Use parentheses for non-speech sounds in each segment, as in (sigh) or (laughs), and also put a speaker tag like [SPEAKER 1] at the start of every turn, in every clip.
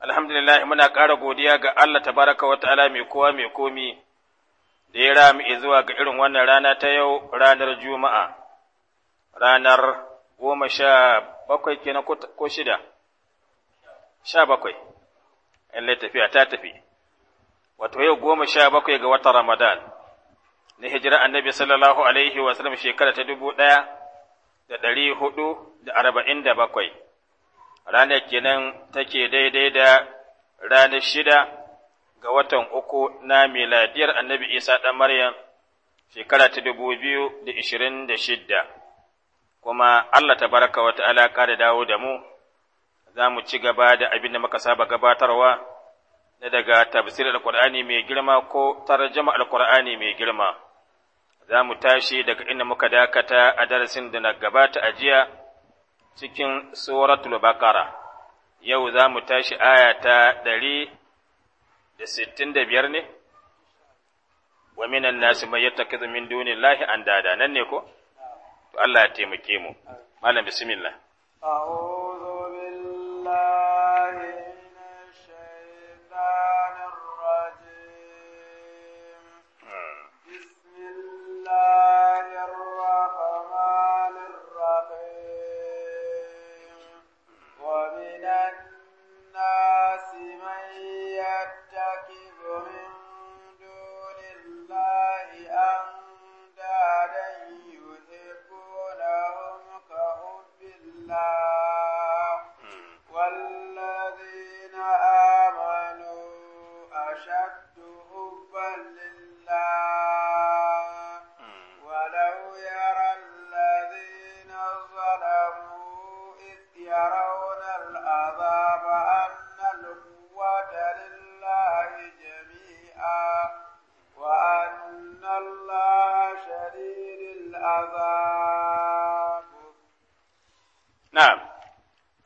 [SPEAKER 1] alhamdulillah muna ƙara godiya ga Allah tabaraka wa ta'ala mai kowa mai komi da ya rami zuwa ga irin wannan rana ta yau ranar juma'a ranar goma sha bakwai kenan ko shida sha bakwai lallai tafiya ta tafi wato yau goma sha bakwai ga watan ramadan na hijira annabi sallallahu alaihi wa sallam shekara ta dubu ɗaya da ɗari hudu da arba'in da bakwai ranar kenan take daidai da ranar shida ga watan uku na miladiyar annabi isa ɗan maryam shekara ta dubu biyu da ishirin da shidda kuma allah ta baraka wata alaƙa da dawo da mu za mu ci gaba da abin da muka saba gabatarwa na daga tafsir alƙur'ani mai girma ko tarjama alƙur'ani mai girma za mu tashi daga inda muka dakata a darasin da na gabata a jiya cikin suratul bakara yau za mu tashi aya ta ɗari da sittin da biyar ne wa minan nasu mai yadda kizu min duni lahi an dada nan ne ko to Allah ya taimake mu malam bismillah
[SPEAKER 2] a'udhu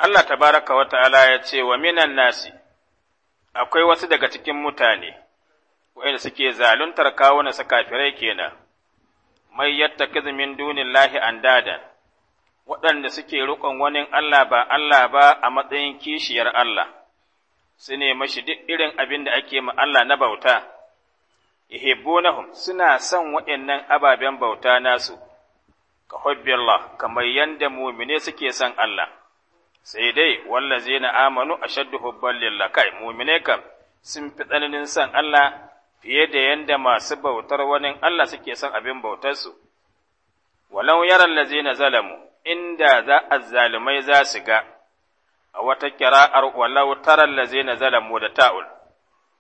[SPEAKER 1] Allah tabaraka wa ta'ala ya ce wa minan nasi, akwai wasu daga cikin mutane, waɗanda suke zaluntar kawuna su kafirai kenan, mai ka min dunin lahi an dadan, waɗanda suke riƙon wani Allah ba Allah ba a matsayin kishiyar Allah, su ne mashi duk irin abin da ake ma Allah na bauta, ihibbunahum suna son waɗannan ababen bauta nasu, ka hobbi Allah, kamar yadda mumine suke son Allah. sai dai wallazi na amanu a shaddu hubban lillah kai mumine kam sun fi tsananin san Allah fiye da yanda masu bautar wani Allah suke son abin bautarsu. Walau yaran lazi na zalamu, inda za a zalimai za su ga, a wata kira'ar walau taran lazi na zalamu da ta'ul,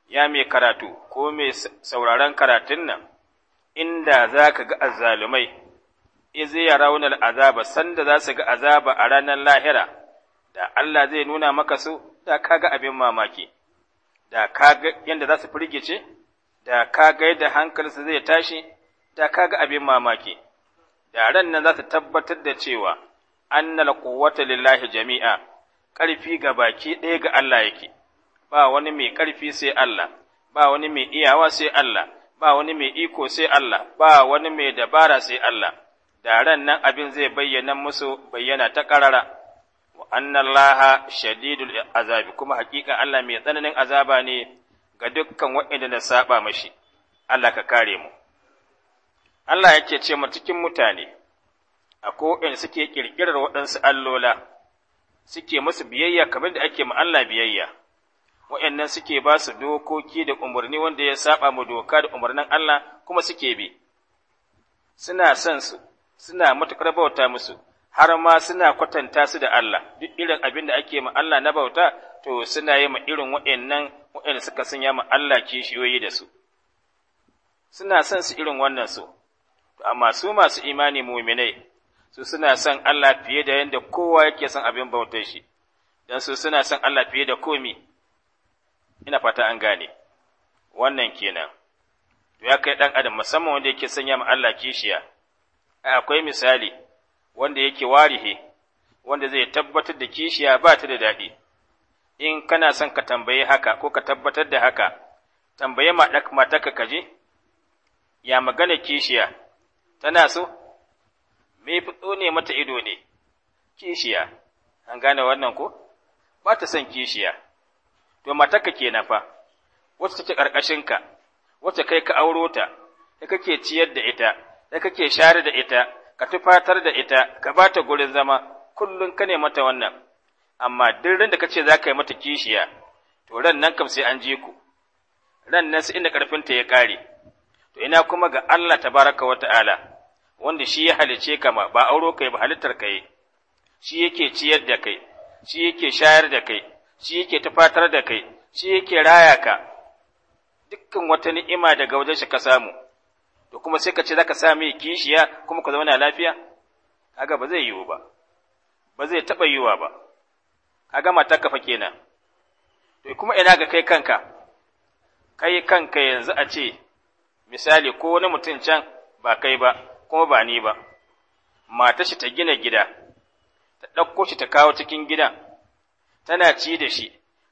[SPEAKER 1] ya mai karatu ko mai sauraron karatun nan, inda za ka ga azzalumai, izi ya raunar azaba, sanda za su ga azaba a ranar lahira, da Allah zai nuna maka su da kaga abin mamaki da kaga yadda za su firgice da ka kaga yadda hankalinsu zai tashi da kaga abin mamaki da ran nan za su tabbatar da cewa annal kowata lillahi jami'a ƙarfi ga baki ɗaya ga Allah yake ba wani mai ƙarfi sai Allah ba wani mai iyawa sai Allah ba wani mai iko sai Allah ba wani mai dabara sai Allah da ran nan abin zai bayyana musu bayyana ta ƙarara anna Allah shadidul azabi kuma hakikan Allah mai tsananin azaba ne ga dukkan waɗanda da saba mashi Allah ka kare mu Allah yake ce mu cikin mutane a ko'in suke kirkirar waɗansu allola suke musu biyayya kamar da ake ma Allah biyayya waɗannan suke ba su dokoki da umarni wanda ya saba mu doka da umarnin Allah kuma suke bi suna son su suna matukar bauta musu har ma suna kwatanta su da Allah duk irin abin da ake ma Allah na bauta to suna yi ma irin waɗannan waɗanda suka sanya ma Allah kishiyoyi da su suna son su irin wannan su amma su masu imani muminai su suna son Allah fiye da yadda kowa yake son abin bautar shi dan su suna son Allah fiye da komi ina fata an gane wannan kenan to ya kai dan adam musamman wanda yake sanya ma Allah kishiya akwai misali wanda yake warihe wanda zai tabbatar da kishiya ba ta da daɗi in kana son ka tambaye haka ko ka tabbatar da haka tambaye mataka ka je ya magana kishiya tana so me fito ne mata ido ne kishiya an gane wannan ko ba ta son kishiya to mataka ke nafa wacce take ka? wacce kai ka auro ta da kake ciyar da ita da kake share da ita ka tufatar da ita, ka ba ta gurin zama, kullum ka ne mata wannan, amma duk da ka ce za ka yi mata kishiya, to ran nan kam sai an je ku, ran nan sai inda ƙarfinta ya ƙare, to ina kuma ga Allah ta baraka wa ta'ala, wanda shi ya halice ka ba auro ka yi ba halittar ka yi, shi yake ciyar da kai, shi yake shayar da kai, shi yake tufatar da kai, shi yake raya ka, dukkan wata ni'ima daga wajen shi ka samu. to kuma sai ka ce zaka sa mai kishiya kuma zama zauna lafiya kaga ba zai yiwu ba ba zai taba yiwuwa ba kaga mata ka fake na. to kuma ina ga kai kanka kai kanka yanzu a ce misali ko wani mutum can ba kai ba kuma ba ni ba Mata shi ta gina gida ta ɗauko shi ta kawo cikin gidan tana ci da shi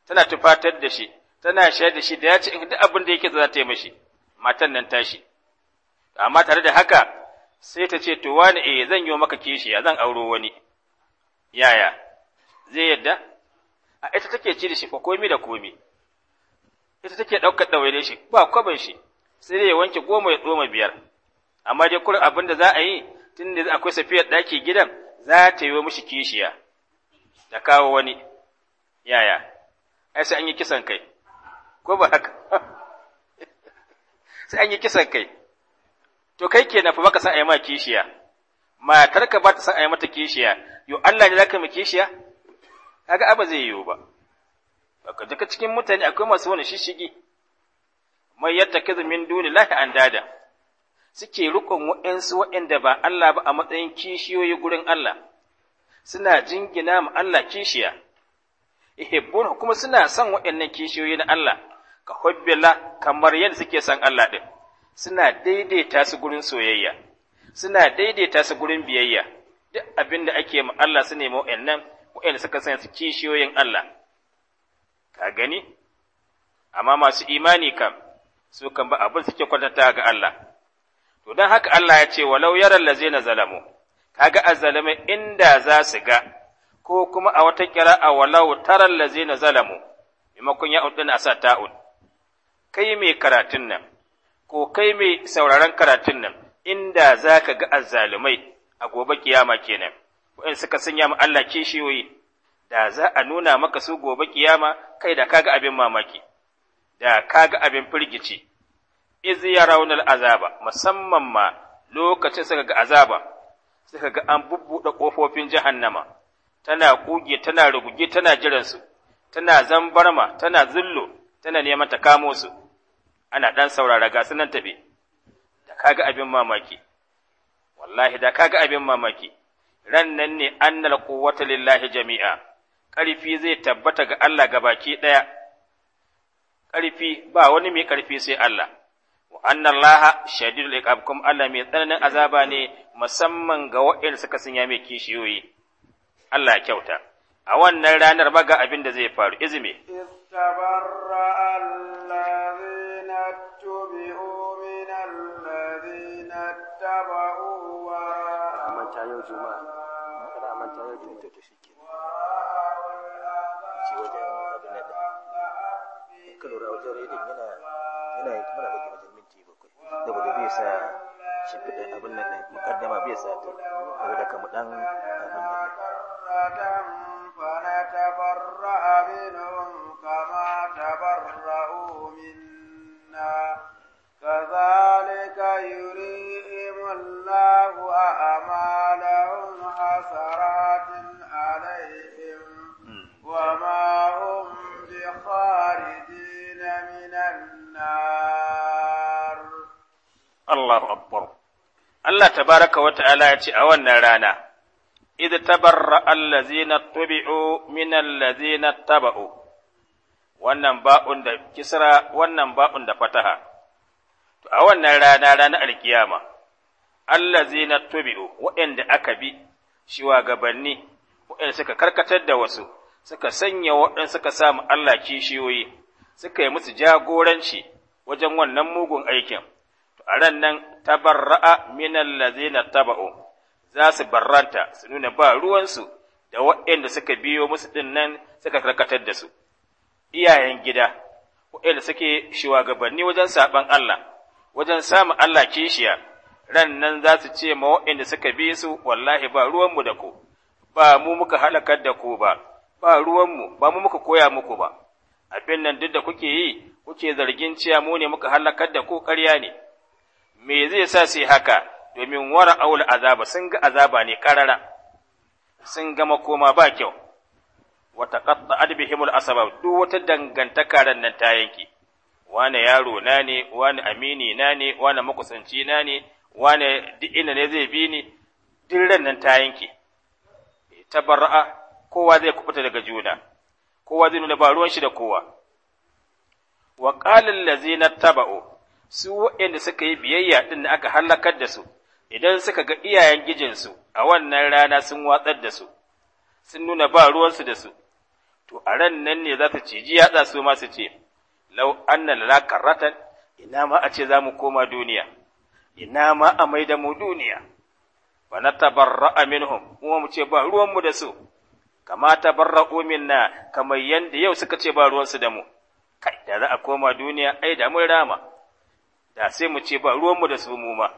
[SPEAKER 1] tana tufatar da shi tana shayar da shi da ya ce duk abin da yake za ta yi mashi matan nan tashi amma tare da haka sai ta ce to wani eh zan yi maka kishiya zan auro wani yaya zai yadda a ita take ci da shi fa komi da komi ita take ɗaukar ɗaure shi ba kwaban shi sai dai ya wanke goma ya tsoma biyar amma dai kurin abin da za a yi tun da akwai safiyar ɗaki gidan za ta yi mishi kishiya ta kawo wani yaya ai sai an yi kisan kai ko ba haka (laughs) sai an yi kisan kai to kai ke ka baka san ayi ma kishiya matarka ba ta san ayi mata kishiya yo Allah ne zaka mu kishiya kaga aba zai yiwu ba baka duka cikin mutane akwai masu wani shishigi mai yattakizu min dunillahi andada suke rukun wa'ansu wa'anda ba Allah ba a matsayin kishiyoyi gurin Allah suna jingina ma Allah kishiya ihibbun kuma suna son wa'annan kishiyoyi na Allah ka hubbillah kamar yadda suke son Allah din suna daidaita su gurin soyayya suna daidaita su gurin biyayya duk abin da ake ma Allah su nemo nan, wa'yan suka sanya su kishiyoyin Allah ka gani amma masu imani kam su kan ba abin suke kwatanta ga Allah to don haka Allah ya ce walau yaral na zalamu ka ga a inda za su ga ko kuma a wata a walau taral na zalamu maimakon ya a sa ta'ud kai mai karatun nan ko kai mai sauraron karatun nan inda za ka ga azzalumai a gobe kiyama kenan wa'in suka sanya ma Allah kishiyoyi da za a nuna maka su gobe kiyama kai da kaga abin mamaki da kaga abin firgici ya raunar azaba musamman ma lokacin suka ga azaba suka ga an bubbuɗe kofofin jahannama tana kuge tana rubuge, tana jiransu, su tana zambarma tana zullo tana neman ta kamo su ana ɗan saurara ga sunan tafi da kaga abin mamaki wallahi da kaga abin mamaki ran ne annal quwwata lillahi jami'a ƙarfi zai tabbata ga Allah ga baki ɗaya ƙarfi ba wani mai ƙarfi sai Allah wa laha, shaidu, da kum Allah mai tsananin azaba ne musamman ga wa'il suka sanya mai kishiyoyi Allah kyauta a wannan ranar baga abin da zai faru izini.
[SPEAKER 2] ranar juma'a kada manta da juma'a to shi ke
[SPEAKER 1] ci wajen abin da ka lura wajen redin yana yana yi wajen minti bakwai saboda bai sa shi abin nan mukaddama bai sa ta saboda kamar ɗan abin nan Allahu akbar Allah baraka wa ta'ala ya ce a wannan rana idh tabarra na tubi’o min allazina taba’o, wannan ba'un da kisra wannan ba'un da fataha a wannan rana rana alkiyama allazina tubi'u waɗanda aka bi shugabanni waɗanda suka karkatar da wasu suka sanya waɗanda suka samu Allah kishiyoyi suka yi musu jagoranci wajen wannan mugun aikin ran nan tabarra'a min allazina taba'u za su barranta su nuna ba ruwansu da waɗanda suka biyo musu din nan suka karkatar da su iyayen gida waɗanda suke shugabanni wajen saban Allah wajen samu Allah kishiya ran nan za su ce ma waɗanda suka bi su wallahi ba ruwanmu da ku ba mu muka halakar da ku ba ba ruwanmu ba mu muka koya muku ba abin nan duk da kuke yi kuke zargin cewa mu ne muka halakar da ku ƙarya ne me zai sa su yi haka domin wara aula azaba sun ga azaba ne karara sun ga makoma ba kyau wata qatta adbihimul Asabar duk wata dangantaka ran nan ta yanke wane yaro na ne wane amini na ne wane makusanci na ne wane duk ne zai bi ni duk ran nan ta yanke tabarra'a kowa zai kubuta daga juna kowa zai nuna ba ruwan shi da kowa wa qala allazina taba'u su waɗanda suka yi biyayya ɗin da aka hallakar da su, idan suka ga iyayen gijinsu a wannan rana sun watsar da su, sun nuna ba ruwansu da su, to a ran nan ne za su ciji yatsa su ma su ce, lau anna lana karratan, ina ma a ce za mu koma duniya, ina ma a mai da mu duniya, ba na a minhum, kuma mu ce ba ruwanmu da su, kama tabarra'u na kamar yadda yau suka ce ba ruwansu da mu, kai da za a koma duniya ai da mun rama. da sai mu ce ba ruwanmu da su mu ma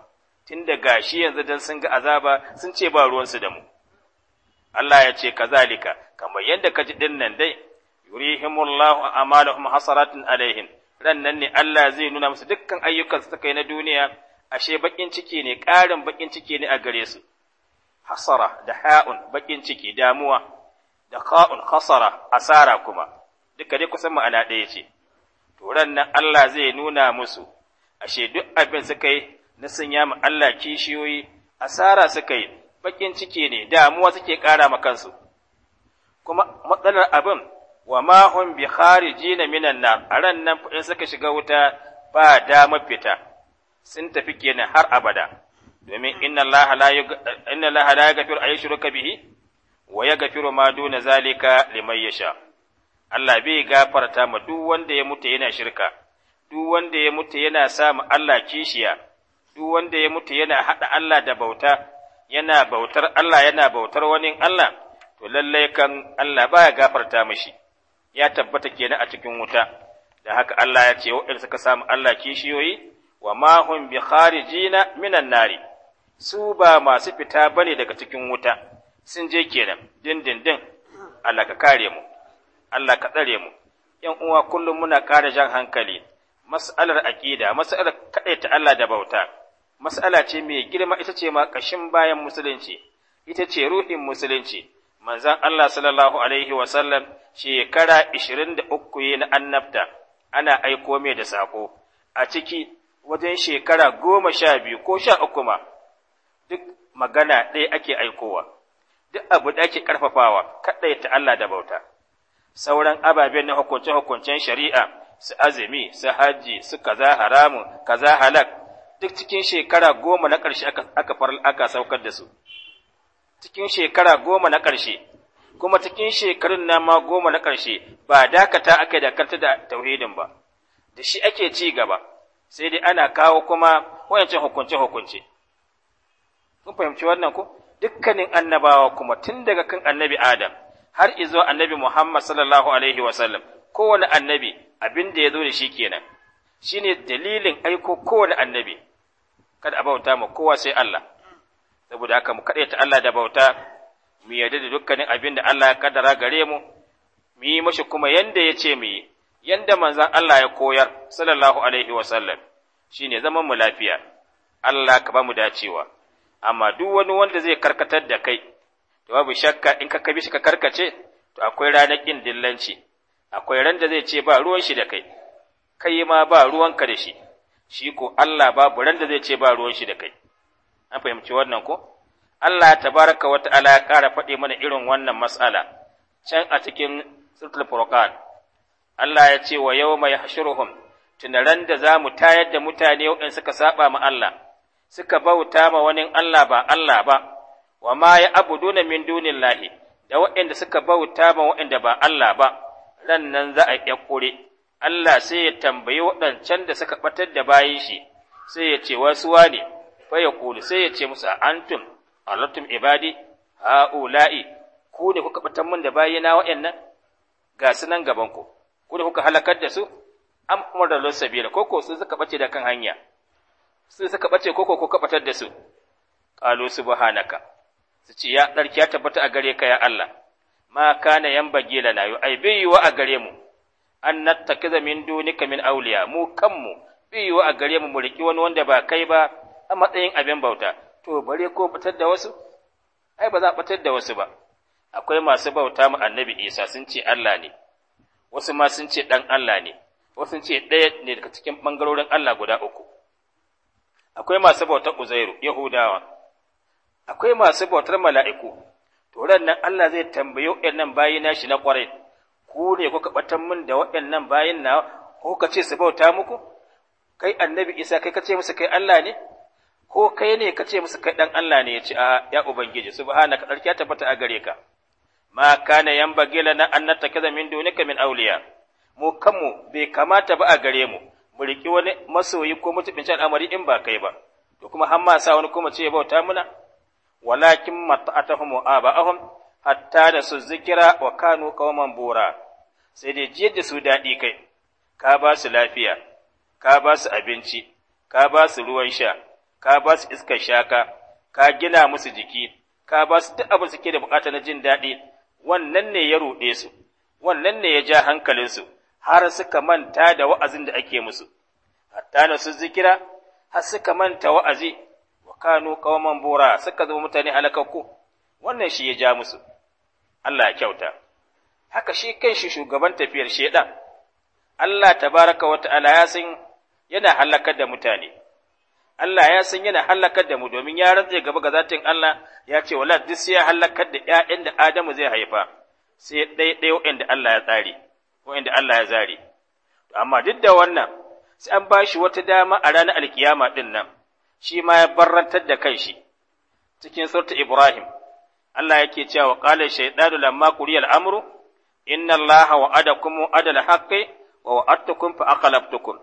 [SPEAKER 1] tun da gashi yanzu dan sun ga azaba sun ce ba ruwansu da mu Allah ya ce kazalika kamar yadda ka ji din nan dai yurihimullahu amalahum hasaratun alaihim rannan nan ne Allah zai nuna musu dukkan ayyukan su kai na duniya ashe bakin ciki ne ƙarin bakin ciki ne a gare su hasara da ha'un bakin ciki damuwa da ka'un hasara asara kuma duka dai kusan ma'ana ɗaya ce to ran nan Allah zai nuna musu ashe duk abin suka yi na ya ma Allah kishiyoyi asara suka yi bakin ciki ne damuwa suke ƙara ma kansu kuma matsalar abin wa ma bihari bi na minan nar aran nan in suka shiga wuta ba dama fita sun tafi kenan har abada domin inna Allah la inna Allah la yaghfiru ay bihi wa yaghfiru ma duna zalika liman yasha Allah bai gafarta ma duk wanda ya mutu yana shirka duk wanda ya mutu yana samu Allah kishiya, duk wanda ya mutu yana haɗa Allah da bauta, yana bautar Allah yana bautar wani Allah, to lallai kan Allah baya gafarta mashi, ya tabbata kenan a cikin wuta, da haka Allah ya ce waɗanda suka samu Allah kishiyoyi, wa mahun bi kharijina minan nari, su ba masu fita ba ne daga cikin wuta, sun je kenan, dindindin, Allah ka kare mu, Allah ka tsare mu, ‘yan uwa kullum muna kare jan hankali. mas'alar aƙida, mas'alar kaɗaita Allah da bauta, mas'ala ce mai girma ita ce ma ƙashin bayan musulunci, ita ce ruhin musulunci, manzan Allah sallallahu Alaihi sallam shekara ishirin da uku na annabta, ana aiko mai da sako. a ciki wajen shekara goma sha biyu ko sha uku ma, duk magana ɗaya ake aikowa, duk abu da ake ƙarfafawa, kaɗaita Allah da bauta. Sauran ababen na hukunce-hukuncen shari'a su azumi su hajji su kaza haramun kaza halak duk cikin shekara goma na ƙarshe aka aka saukar da su cikin shekara goma na ƙarshe kuma cikin shekarun nama ma goma na ƙarshe ba dakata aka dakata da tauhidin ba da shi ake ci gaba sai dai ana kawo kuma wayancin hukunce hukunce kun fahimci wannan ko dukkanin annabawa kuma tun daga kan annabi Adam har izo annabi Muhammad sallallahu alaihi wasallam kowane annabi abin da ya zo da shi kenan shine dalilin aiko kowane annabi kada a bauta ma kowa sai Allah saboda haka mu ta Allah da bauta mu yarda da dukkanin abin da Allah ya kaddara gare mu mu yi mashi kuma yanda ya ce mu yi yanda manzon Allah ya koyar sallallahu alaihi wa sallam shine zaman mu lafiya Allah ka ba mu dacewa amma duk wani wanda zai karkatar da kai to babu shakka in ka kabi shi ka karkace to akwai ranakin dillanci akwai ran da zai ce ba ruwan shi da kai kai ma ba ruwanka da shi shi ko Allah babu ran da zai ce ba ruwan shi da kai an fahimci wannan ko Allah tabaraka wa ta'ala ya ƙara faɗi mana irin wannan matsala can a cikin suratul furqan Allah ya ce wa yawma yahshuruhum ran da za mu tayar da mutane waɗanda suka saba ma Allah suka bauta ma wani Allah ba Allah ba wa ma ya abuduna min dunillahi da waɗanda suka bauta ma waɗanda ba Allah ba ran nan za a ƙyaƙure, Allah sai ya tambayi waɗancan da suka ɓatar da bayan shi, sai ya ce wasu wane, fa ya kulu sai ya ce musu antum, alatum ibadi, ha'ula'i, ku ne kuka ɓatar min da wa'in nan? ga su nan gabanku, ku ne kuka halakar da su, am umar da lusa biyar, koko sun suka ɓace da kan hanya, sun suka ɓace koko kuka ɓatar da su, ƙalu subhanaka, su ce ya ɗarki ya tabbata a gare ka ya Allah. ma kana yambage lana yu ai bai wa a gare mu an nattakiza min dunika min auliya mu kanmu bai wa a gare mu mu riki wani wanda ba kai ba a matsayin abin bauta to bare ko fitar da wasu ai ba za a fitar da wasu ba akwai masu bauta mu annabi Isa sun ce Allah ne wasu ma sun ce dan Allah ne wasu sun ce ɗaya ne daga cikin bangarorin Allah guda uku akwai masu bautar Uzairu Yahudawa akwai masu bautar mala'iku to nan Allah zai tambayi waɗannan bayi na shi na ƙwarai ku ne kuka ɓatan min da waɗannan bayin na ko ka ce su bauta muku kai annabi isa kai ka ce musu kai Allah ne ko kai ne ka ce musu kai ɗan Allah ne ya ce a ya ubangiji subhanaka tsarki ya tabbata a gare ka ma kana bagila na an kaza min dunika min auliya, mu kanmu bai kamata ba a gare mu mu riƙi wani masoyi ko mutumin al'amari in ba kai ba to kuma har ma sa wani kuma ce bauta muna walakin mata'atahum wa aba'ahum hatta da su zikira wa kanu qauman bura sai dai ji da su daɗi kai ka ba su lafiya ka ba su abinci ka ba su ruwan sha ka ba su iskar shaka ka gina musu jiki ka ba su duk abin suke da bukata na jin daɗi wannan ne ya ruɗe su wannan ne ya ja su? har suka manta da wa'azin da ake musu hatta da su zikira har suka manta wa'azi kanu kawaman bora suka zama mutane halakakku wannan shi ya ja musu Allah ya kyauta haka shi kanshi shugaban tafiyar shedan Allah tabaraka wa ta'ala ya san yana halakar da mutane Allah ya san yana halakar da mu domin ya rantse gaba ga zatin Allah ya ce wala duk sai ya halakar da ƴaƴan da Adamu zai haifa sai ɗaya ɗaya waɗanda Allah ya tsare waɗanda Allah ya zare amma duk da wannan sai an bashi wata dama a ranar alkiyama din nan shi ma ya barrantar da kanshi cikin surta Ibrahim Allah yake cewa wa qala shaytanu lamma quriya al-amru inna Allaha wa'adakum adal haqqi wa wa'adtukum fa aqlabtukum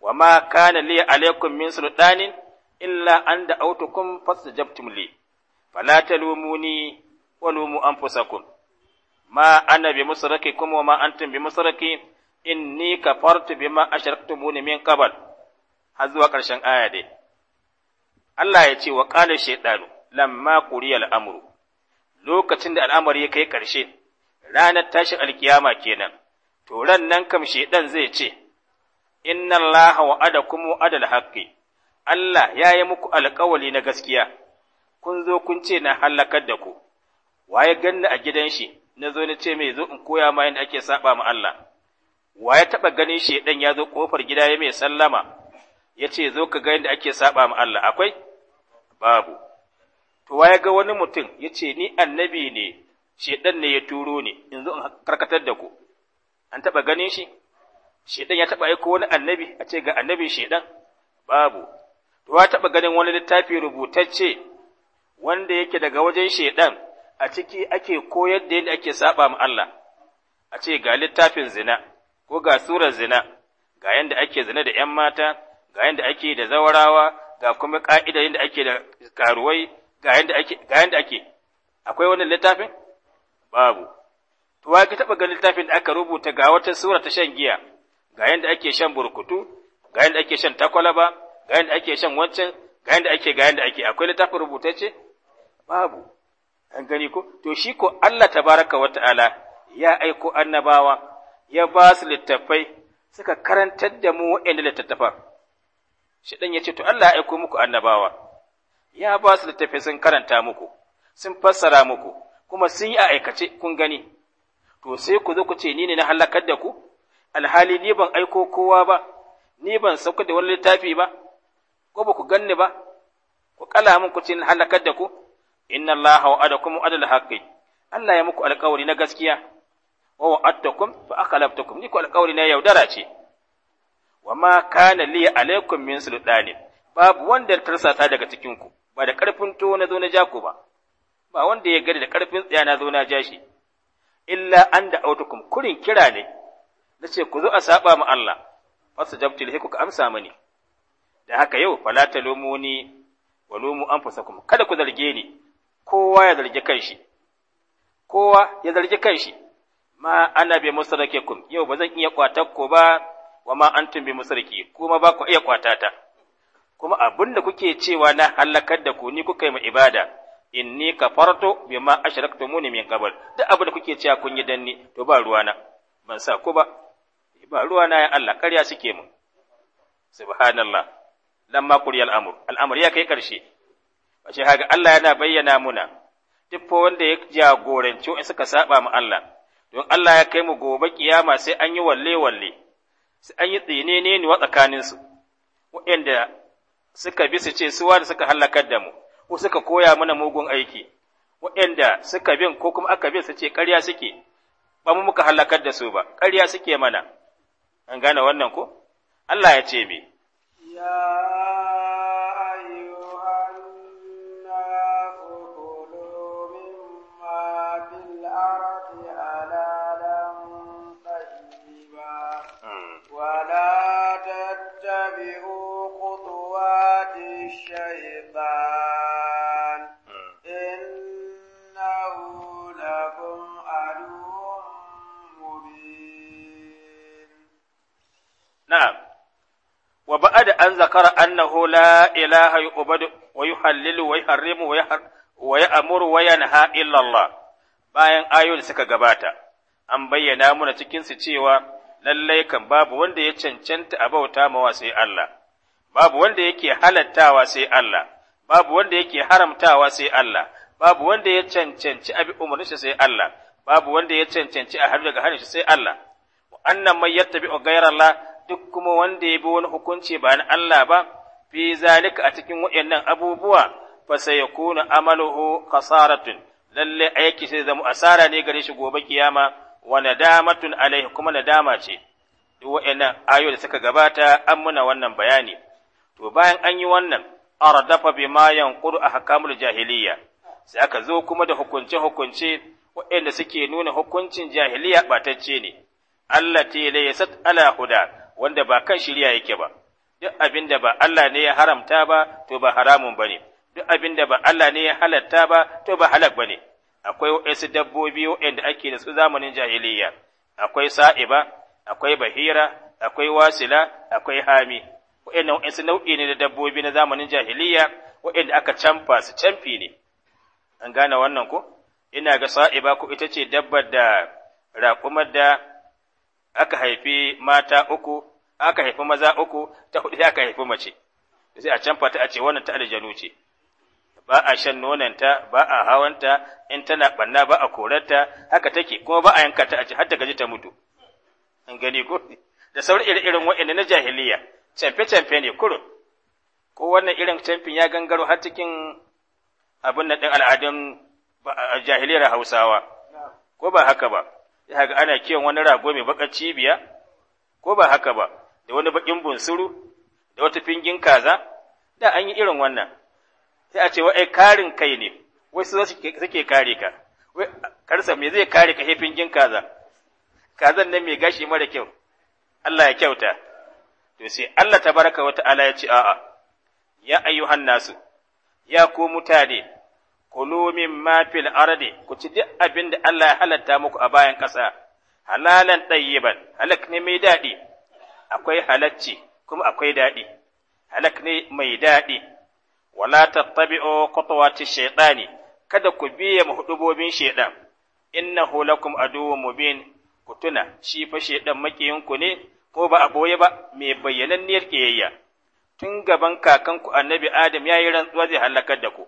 [SPEAKER 1] wa ma kana li alaykum min sultanin illa an da'awtukum fastajabtum li fala talumuni wa lumu anfusakum ma ana bi musrakikum wa ma antum bi musraki inni kafartu bima ashraktumuni min qabl har zuwa ƙarshen aya dai Allah ya ce wa qala shaytanu lamma quriya al’amuru, lokacin da al'amari ya kai ƙarshe ranar tashin alkiyama kenan to ran nan kam shaiɗan zai ce inna wa'ada kuma adal haƙƙi. Allah ya yi muku alƙawali na gaskiya kun zo kun ce na halakar da ku waye ganni a gidan shi na zo na ce mai zo in koya ma yadda ake saɓa ma Allah wa ya taɓa ganin shi ya zo ƙofar gida ya mai sallama ya ce zo ka ga yadda ake saɓa ma Allah akwai babu to waye ga wani mutum ya ce ni annabi ne shedan ne ya turo ni in zo in karkatar da ku an taɓa ganin shi shedan ya taɓa aiko wani annabi a ce ga annabi, shedan babu to ya taɓa ganin wani littafi rubutacce wanda yake daga wajen shaɗan a ciki ake koyar da yadda ake saba ma Allah a ce ga littafin zina ko ga surar zina ga yanda ake zina da ‘yan mata, ga yanda ake da zawarawa, ga kuma ka’ida yadda ake da karuwai ga yadda ake ga yadda akwai wannan littafin babu to wai ka taba ga littafin da aka rubuta ga wata sura ta shan giya ga yadda ake shan burkutu ga yadda ake shan takwalaba ga yadda ake shan wancan ga yadda ake ga yadda ake akwai littafin rubutacce babu an gani ko to shi ko Allah tabaraka wa ta'ala ya aiko annabawa ya ba su littafai suka karantar da mu waɗanda littattafan Shaɗan ya ce, To Allah ya aiko muku annabawa, ya ba su littafi sun karanta muku, sun fassara muku, kuma sun yi a aikace kun gani. To sai ku zo ku ce, Ni ne na halakar da ku, alhali ni ban aiko kowa ba, ni ban sauka da wani littafi ba, ko ba ku ganni ba, ku kala min ku ce na halakar da ku, inna Allah adakum adal haqqi Allah ya muku alƙawari na gaskiya, wa wa'adtakum fa akhlaftakum ni ku alƙawari na yaudara ce. wa ma kana li alaikum min sultanin babu wanda ya tarsasa daga cikin ku ba da karfin to na zo na ja ku ba ba wanda ya gari da karfin tsaya na zo na ja shi illa an da autukum kurin kira ne nace ku zo a saba mu Allah fastajabtu lahi kuka amsa mani da haka yau fala talumuni wa fasa anfusakum kada ku zarge ni kowa ya zargi kanshi kowa ya zargi kanshi ma ana bi kun yau ba zan iya kwatar ku ba wa ma antum bi musriki kuma ba ku iya ta kuma abin da kuke cewa na halakar da ku ni kuka yi ma ibada inni kafartu bima ashraktumuni min qabl duk abin da kuke cewa kun yi danni to ba ruwana ban sa ku ba eh, ba ruwana ya Allah karya suke mu subhanallah lamma ma kuri al’amur, al'amur, ya kai karshe ashe haga Allah yana bayyana muna duk wanda ya jagoranci in suka saba mu Allah don Allah ya kai mu gobe kiyama sai an yi walle walle sai an yi tsine ne wa tsakaninsu waɗanda suka bi su ce suwa da suka hallakar da mu ko suka koya mana mugun aiki waɗanda suka bin ko kuma aka bin su ce ƙarya suke ba mu muka hallakar da su ba ƙarya suke mana an gane wannan ko Allah ya ce me ya na'am wa ba'da an zakara annahu la ilaha yu'badu wa yuhallilu wa yuharrimu wa ya'muru wa yanha illa Allah bayan ayoyin suka gabata an bayyana muna cikin su cewa lallai kan babu wanda ya cancanta a bauta mawa sai Allah babu wanda yake halattawa sai Allah babu wanda yake haramtawa sai Allah babu wanda ya cancanci abi umarninsa sai Allah babu wanda ya cancanci a har daga hannunsa sai Allah annan man yattabi'u ghayra Allah duk kuma wanda ya bi wani hukunci ba na Allah ba fi zalika a cikin waɗannan abubuwa fa sayakunu amaluhu khasaratun lalle aiki sai zama asara ne gare shi gobe kiyama wa nadamatun alaihi kuma nadama ce duk waɗannan ayoyi da suka gabata an muna wannan bayani to bayan an yi wannan ardafa bima a ahkamul jahiliya sai aka zo kuma da hukunce-hukunce waɗanda suke nuna hukuncin jahiliya ɓatacce ne, Allah te layasat ala huda, wanda ba kan shirya yake ba duk abin da ba Allah ne ya haramta ba to ba haramun bane duk abin da ba Allah ne ya halatta ba to ba halak bane akwai wasu dabbobi waɗanda ake da su zamanin jahiliya akwai sa'iba akwai bahira akwai wasila akwai hami waɗanda wasu nau'i ne da dabbobi na zamanin jahiliya waɗanda aka canfa su canfi ne an gane wannan ko ina ga sa'iba ko ita ce dabbar da raƙumar da aka haifi mata uku aka haifi maza uku ta hudu aka haifi mace sai a can fata a ce wannan ta aljanu ce ba a shan nonanta ba a hawanta in tana banna ba a korarta haka take kuma ba a yanka ta a ce har ta gaji ta mutu an gani ko da sauran irin wa'anda na jahiliya canfe canfe ne kurun ko wannan irin canfin ya gangaro har cikin abin nan din al'adun jahiliyar Hausawa ko ba haka ba ya ga ana kiyon wani rago mai baka cibiya ko ba haka ba da wani bakin bunsuru da wata fingin kaza da an yi irin wannan sai a ce ai karin kai ne wai su suke kare ka wai karsa me zai kare ka fingin kaza kazan nan mai gashi mara kyau Allah ya kyauta to sai Allah tabaraka wa ta'ala ya ce a'a ya ayyuhan nasu ya ku mutane kulu mimma fil ardi ku ci duk abin da Allah ya halatta muku a bayan ƙasa halalan tayyiban halak ne mai daɗi akwai halacci kuma akwai daɗi halak ne mai daɗi wala tattabi'u ce shaytani kada ku biye mahudubobin shaytan innahu lakum aduwwun mubin ku tuna shi fa shaytan makiyinku ne ko ba a boye ba mai bayyananniyar kiyayya tun gaban kakanku annabi Adam ya yi rantsuwa zai halakar da ku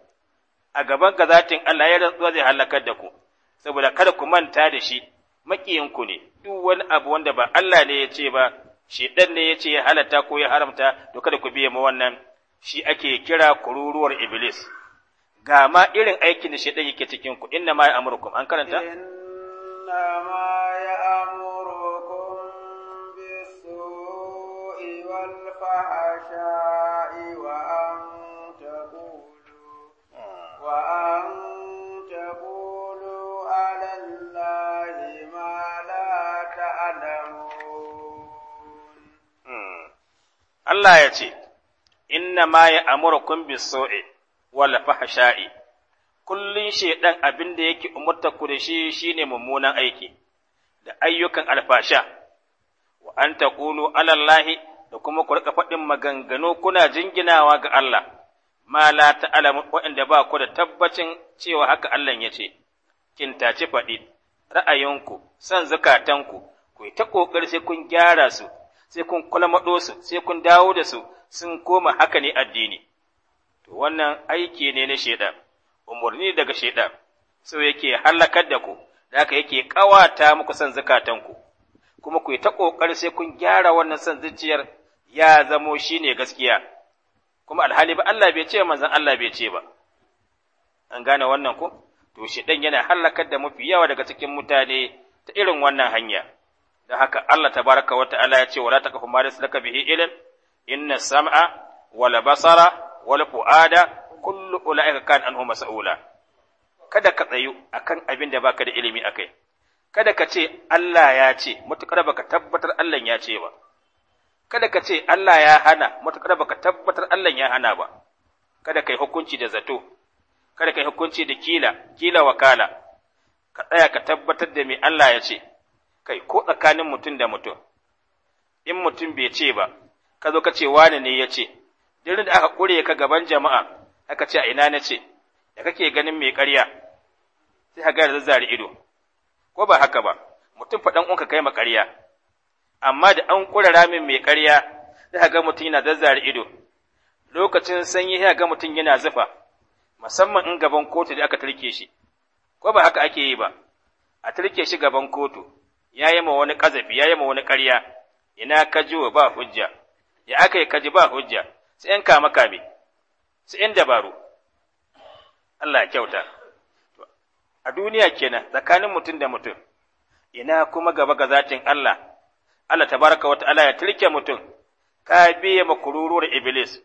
[SPEAKER 1] a gaban gazatin Allah ya rantsuwa zai halakar da ku saboda kada ku manta da shi makiyinku ne duk wani abu wanda ba Allah ne ya ce ba shedan ne yace ya halatta ko ya haramta to kada ku biye mu wannan shi ake kira kururuwar iblis ga ma irin aikin da shedan yake cikin ku inna ma amurkum an karanta inna ma Allah ya ce, Inna ma ya amurkun biso'e Kullum fahsha'i kullun ɗan abin da yake umarta ku da shi shine mummunan aiki da ayyukan alfasha wa an ta ala alallahi da kuma ku rika faɗin maganganu kuna jinginawa ga Allah ma la waɗanda ba ku da tabbacin cewa haka Allah ya ce tace faɗi ra'ayinku son zukatanku, ku yi ta ƙoƙari sai kun gyara su sai kun kwalmaɗo su sai kun dawo da su sun koma haka ne addini to wannan aiki ne na sheda, umarni daga shaidan so yake halakar da ku da haka yake ƙawata muku san zukatanku kuma ku yi ta ƙoƙari sai kun gyara wannan san zuciyar ya zamo shi gaskiya kuma alhali ba Allah bai ce manzon Allah bai ce ba an gane wannan ko to shaidan yana halakar da mafi yawa daga cikin mutane ta irin wannan hanya da haka Allah tabaraka wa ta'ala ya ce wala takafu ma laysa laka bihi ilm inna sam'a wala basara wala fuada kullu ulaika kan anhu mas'ula kada ka tsayu akan abin da baka da ilimi akai kada ka ce Allah ya ce mutukar baka tabbatar Allah ya ce ba kada ka ce Allah ya hana mutukar baka tabbatar Allah ya hana ba kada kai hukunci da zato kada kai hukunci da kila kila wakala ka tsaya ka tabbatar da me Allah ya ce kai ko tsakanin mutum da mutum in mutum bai ce ba ka zo ka ce wani ne ya ce dirin da aka kure ka gaban jama'a aka ce a ina na ce da kake ganin mai ƙarya sai ka gara zazzare ido ko ba haka ba mutum faɗan unka kai ma ƙarya amma da an kura ramin mai ƙarya sai ga mutum yana zazzare ido lokacin sanyi sai ga mutum yana zufa musamman in gaban kotu da aka turke shi ko ba haka ake yi ba a turke shi gaban kotu ya yi ma wani ƙazafi ya yi ma wani ƙarya ina ka ji ba hujja ya aka yi ka ji ba hujja su ‘yan kama kame su ‘yan dabaru Allah kyauta a duniya kenan tsakanin mutum da mutum ina kuma gaba ga zatin Allah Allah baraka wata ta'ala ya tilke mutum ka biye ma kururuwar iblis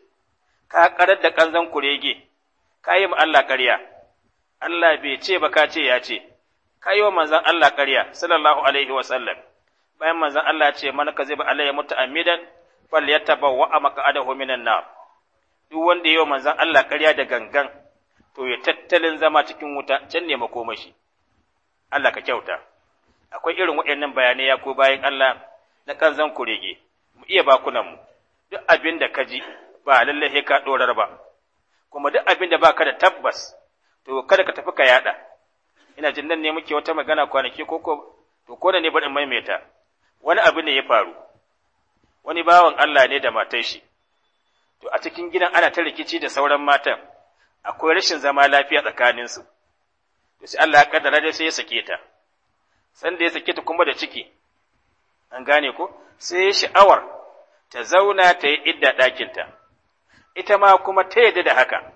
[SPEAKER 1] ka karar da kanzan kurege ka yi ma Allah ƙarya Allah bai ce ba ka ce ya ce Ka yi wa manzon Allah ƙarya sallallahu alaihi wa sallam bayan manzon Allah ce a man kaziba alayya muta'ammidan falyatabawwa maq'adahu minan nar duk wanda yayi wa manzan Allah ƙarya da gangan to ya tattalin zama cikin wuta can ne makomashi Allah ka kyauta akwai irin waɗannan bayanai ya ko bayan Allah na kan zan kurege mu iya bakunan mu duk abin da ka ji ba lallai ka ɗorar ba kuma duk abin da baka da tabbas to kada ka tafi ka yaɗa. ina jin nan ne muke wata magana kwanaki ko ko to ko da ne barin maimaita wani abu ne ya faru wani bawan Allah ne da matar shi to a cikin gidan ana ta rikici da sauran matan akwai rashin zama lafiya tsakanin su to sai Allah ya kaddara da sai ya sake ta san da ya sake ta kuma da ciki an gane ko sai ya sha'awar ta zauna ta yi idda ɗakinta ita ma kuma ta yadda da haka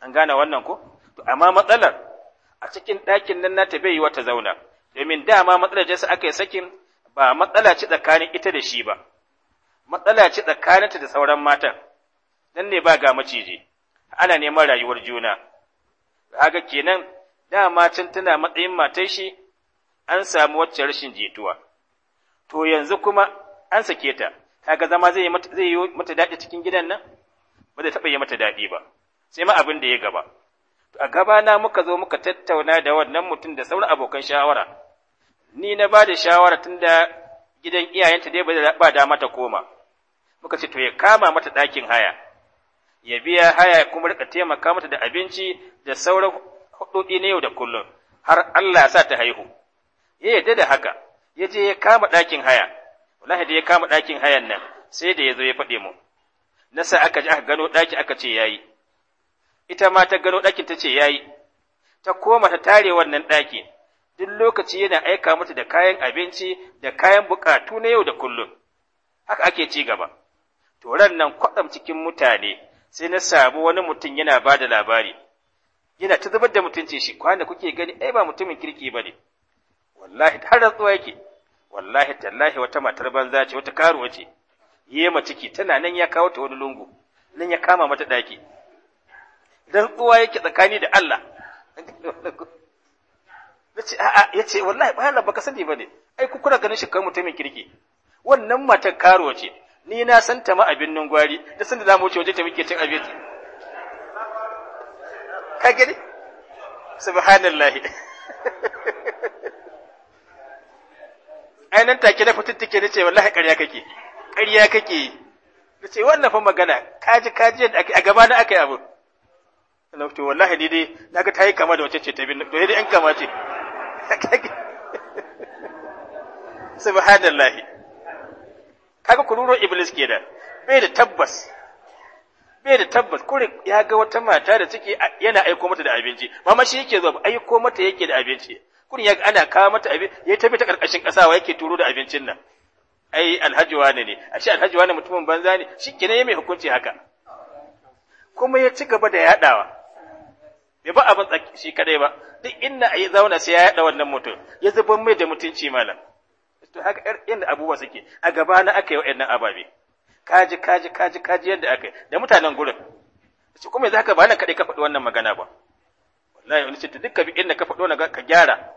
[SPEAKER 1] an gane wannan ko amma matsalar a cikin ɗakin nan nata bai yi wata zauna domin dama matsalar jinsi aka yi sakin ba matsala ce tsakanin ita da shi ba matsala ce tsakaninta da sauran matan nan ne ba ga maciji ana neman rayuwar juna kaga kenan dama can tana matsayin matar shi an samu wacce rashin jituwa to yanzu kuma an sake ta kaga zama zai yi mata daɗi cikin gidan nan ba zai taɓa yi mata daɗi ba sai ma abin da ya gaba a gabana muka zo muka tattauna da wannan mutum da sauran abokan shawara ni na ba da shawara tunda gidan iyayenta dai ba da mata koma muka ce to ya kama mata ɗakin haya ya biya haya kuma rika taimaka mata da abinci da sauran hudodi na yau da kullum har Allah ya sa ta haihu ya yadda da haka ya je ya kama ɗakin haya wallahi da ya kama ɗakin hayan nan sai da ya zo ya faɗe mu na sa aka ji aka gano ɗaki aka ce yayi ita ma ta gano ɗakin ta ce ya yi, ta koma ta tare wannan ɗakin, duk lokaci yana aika mata da kayan abinci da kayan buƙatu na yau da kullum, haka ake ci gaba. To ran nan kwaɗam cikin mutane sai na samu wani mutum yana ba da labari, yana ta zubar da mutunci shi kwana kuke gani ai ba mutumin kirki ba ne, wallahi har rantsuwa yake, wallahi tallahi wata matar banza ce wata karuwa ce, yema ciki tana nan ya kawo ta wani lungu, nan ya kama mata ɗaki. uwa yake tsakani da Allah nace a'a yace wallahi ba baka sani bane ai ku kuna ganin shi kai mutumin kirki wannan matar karuwa ce ni na san ta ma abin nan gwari da san da za mu wuce waje ta muke cin abinci ka gani subhanallahi (laughs) ainihin take na fitattake nace wallahi ƙarya kake ƙarya kake Nace ce wannan fa magana kaji kaji a gaba na akai yi abu na wallahi dai na ga ta yi kama da wacce ce ta bin to yadda yan kama ce (laughs) subhanallahi kaga kururo iblis ke da. bai da tabbas bai da tabbas kurin ya ga wata mata da take yana aiko mata da abinci mama shi yake zuwa aiko mata yake da abinci Kun ya ana kawo mata abin ya tafi karkashin kasa wa yake turo da abincin nan ai alhaji wane ne ashe alhaji wane mutumin banza ne shikenan ya mai hukunci haka kuma ya ci gaba da yadawa bai ba abin tsaki shi kadai ba duk inda ayi zauna sai ya yada wannan mutum ya zuba mai da mutunci malam to haka inda abubuwa suke a gaba na aka yi wa'annan ababe kaji kaji kaji kaji yadda aka yi da mutanen gurin shi kuma yanzu haka ba nan kadai ka faɗi wannan magana ba wallahi wani ce ka bi inda ka faɗi wannan ka gyara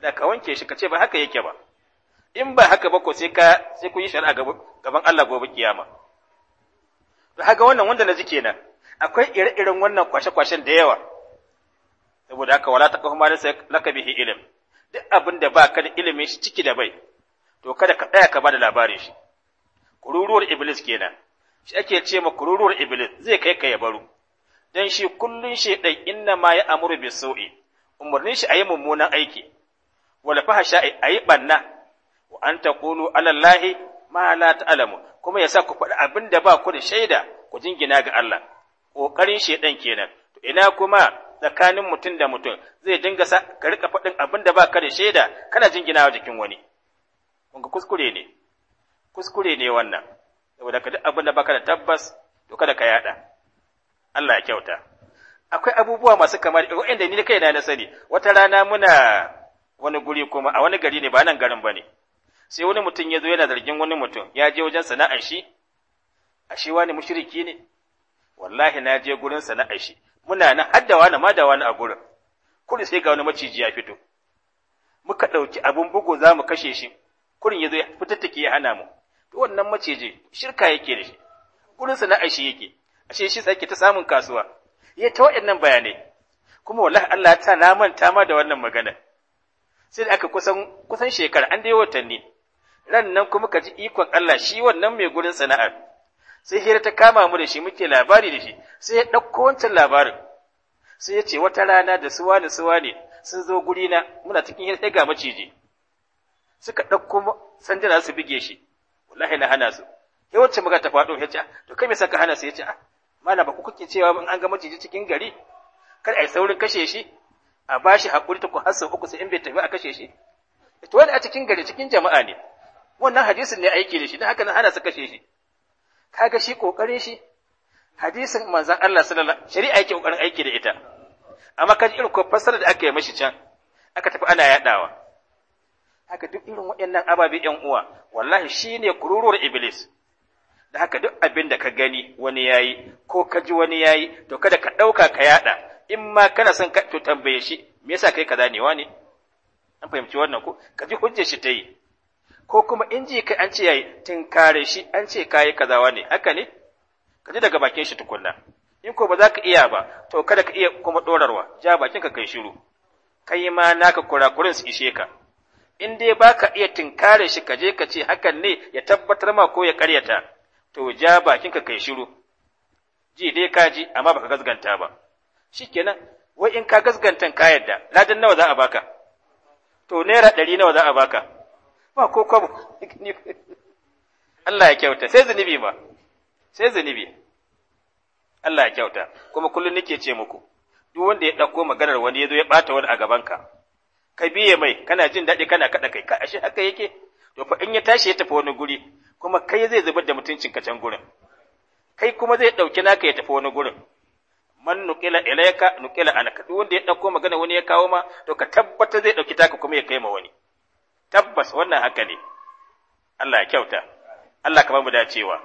[SPEAKER 1] da ka wanke shi ka ce ba haka yake ba in ba haka ba ko sai ka sai kun yi shari'a gaban Allah gobe kiyama to haka wannan wanda na ji kenan akwai ire-iren wannan kwashe-kwashen da yawa saboda haka wala taqahu ma laysa laka bihi ilm duk abin da ba ka da ilimin shi ciki da bai to kada ka tsaya ka bada labarin shi kururuwar iblis kenan shi ake ce ma kururuwar iblis zai kai ka ya baro dan shi kullun dai inna ma ya amuru bi su'i umurnin shi ayi mummunan aiki wal fahsha ayi banna wa an taqulu ala allahi ma la ta'lamu kuma yasa ku faɗi abin da ba ku da shaida ku jingina ga Allah ƙoƙarin shedan kenan to ina kuma tsakanin mutum da mutum zai dinga sa ka rika faɗin abin da ba ka da shaida kana jinginawa jikin wani kun kuskure ne kuskure ne wannan saboda ka duk abin da baka da tabbas to kada ka yada Allah ya kyauta akwai abubuwa masu kamar da ni kai na sani wata rana muna wani guri kuma a wani gari ne ba nan garin bane sai wani mutum ya zo yana zargin wani mutum ya je wajen sana'ar shi ashe wani mushriki ne wallahi na je gurin sana'ar shi muna nan har da wani ma da wani a gurin kurin sai ga wani maciji ya fito muka ɗauki abin bugu za mu kashe shi kurin ya zo ya fitattake ya hana mu to wannan maciji shirka yake da shi sa sana'a shi yake ashe shi sake ta samun kasuwa ya ta waɗannan bayanai kuma wallahi Allah ta na manta ma da wannan magana sai da aka kusan kusan shekara an dai watanni ran nan kuma ka ji ikon Allah shi wannan mai gurin sana'ar sai hira ta kama mu da shi muke labari da shi sai ya ɗauko wancan labarin sai ya ce wata rana da suwa da suwa ne sun zo guri na muna cikin hira sai ga maciji suka ɗauko sandana su bige shi wallahi na hana su ya wacce muka ta faɗo ya ce ah, to kai me saka hana su ya ce ah, mana ba ku kuke cewa in an ga maciji cikin gari kar a yi saurin kashe shi a ba shi haƙuri ta har sau uku sai in bai tafi a kashe shi to wani a cikin gari cikin jama'a ne wannan hadisin ne aiki da shi don haka na hana su kashe shi kaga shi kokarin shi hadisin manzon Allah sallallahu alaihi shari'a yake kokarin aiki da ita amma kaji irin ko fassara da aka yi mashi can aka tafi ana yadawa haka duk irin waɗannan ababe ɗan uwa wallahi shine kururuwar iblis da haka duk abin da ka gani wani yayi ko ka wani yayi to kada ka ɗauka ka yada in ma kana son ka to tambaye shi me yasa kai kaza ne wani an fahimci wannan ko ka ji hujjar shi ta yi ko kuma in ji kai an ce yayi kare shi an ce kayi kazawa ne haka ne ka ji daga bakin shi tukunna in ko ba za ka iya ba to kada ka iya kuma dorarwa ja bakin ka kai shiru kai ma naka kurakurin su ishe ka in dai baka iya tinkare shi ka je ka ce hakan ne ya tabbatar ma ko ya karyata to ja bakin ka kai shiru ji dai ka ji amma baka gasganta ba shikenan wai in ka gasgantan ka yadda ladan nawa za a baka to naira ɗari nawa za a baka ba ko kwabo Allah ya kyauta sai zunubi ba sai zunubi Allah ya kyauta kuma kullum nake ce muku duk wanda ya ɗauko maganar wani ya zo ya bata wani a gaban ka biye mai kana jin daɗi kana kaɗa kai ka ashe haka yake to fa in ya tashi ya tafi wani guri kuma kai zai zubar da mutuncin ka can gurin kai kuma zai ɗauki naka ya tafi wani gurin man nuqila ilayka nuqila anaka duk wanda ya ɗauko maganar wani ya kawo ma to ka tabbata zai ɗauki taka kuma ya kai ma wani tabbas wannan haka ne Allah ya kyauta Allah ka mu dacewa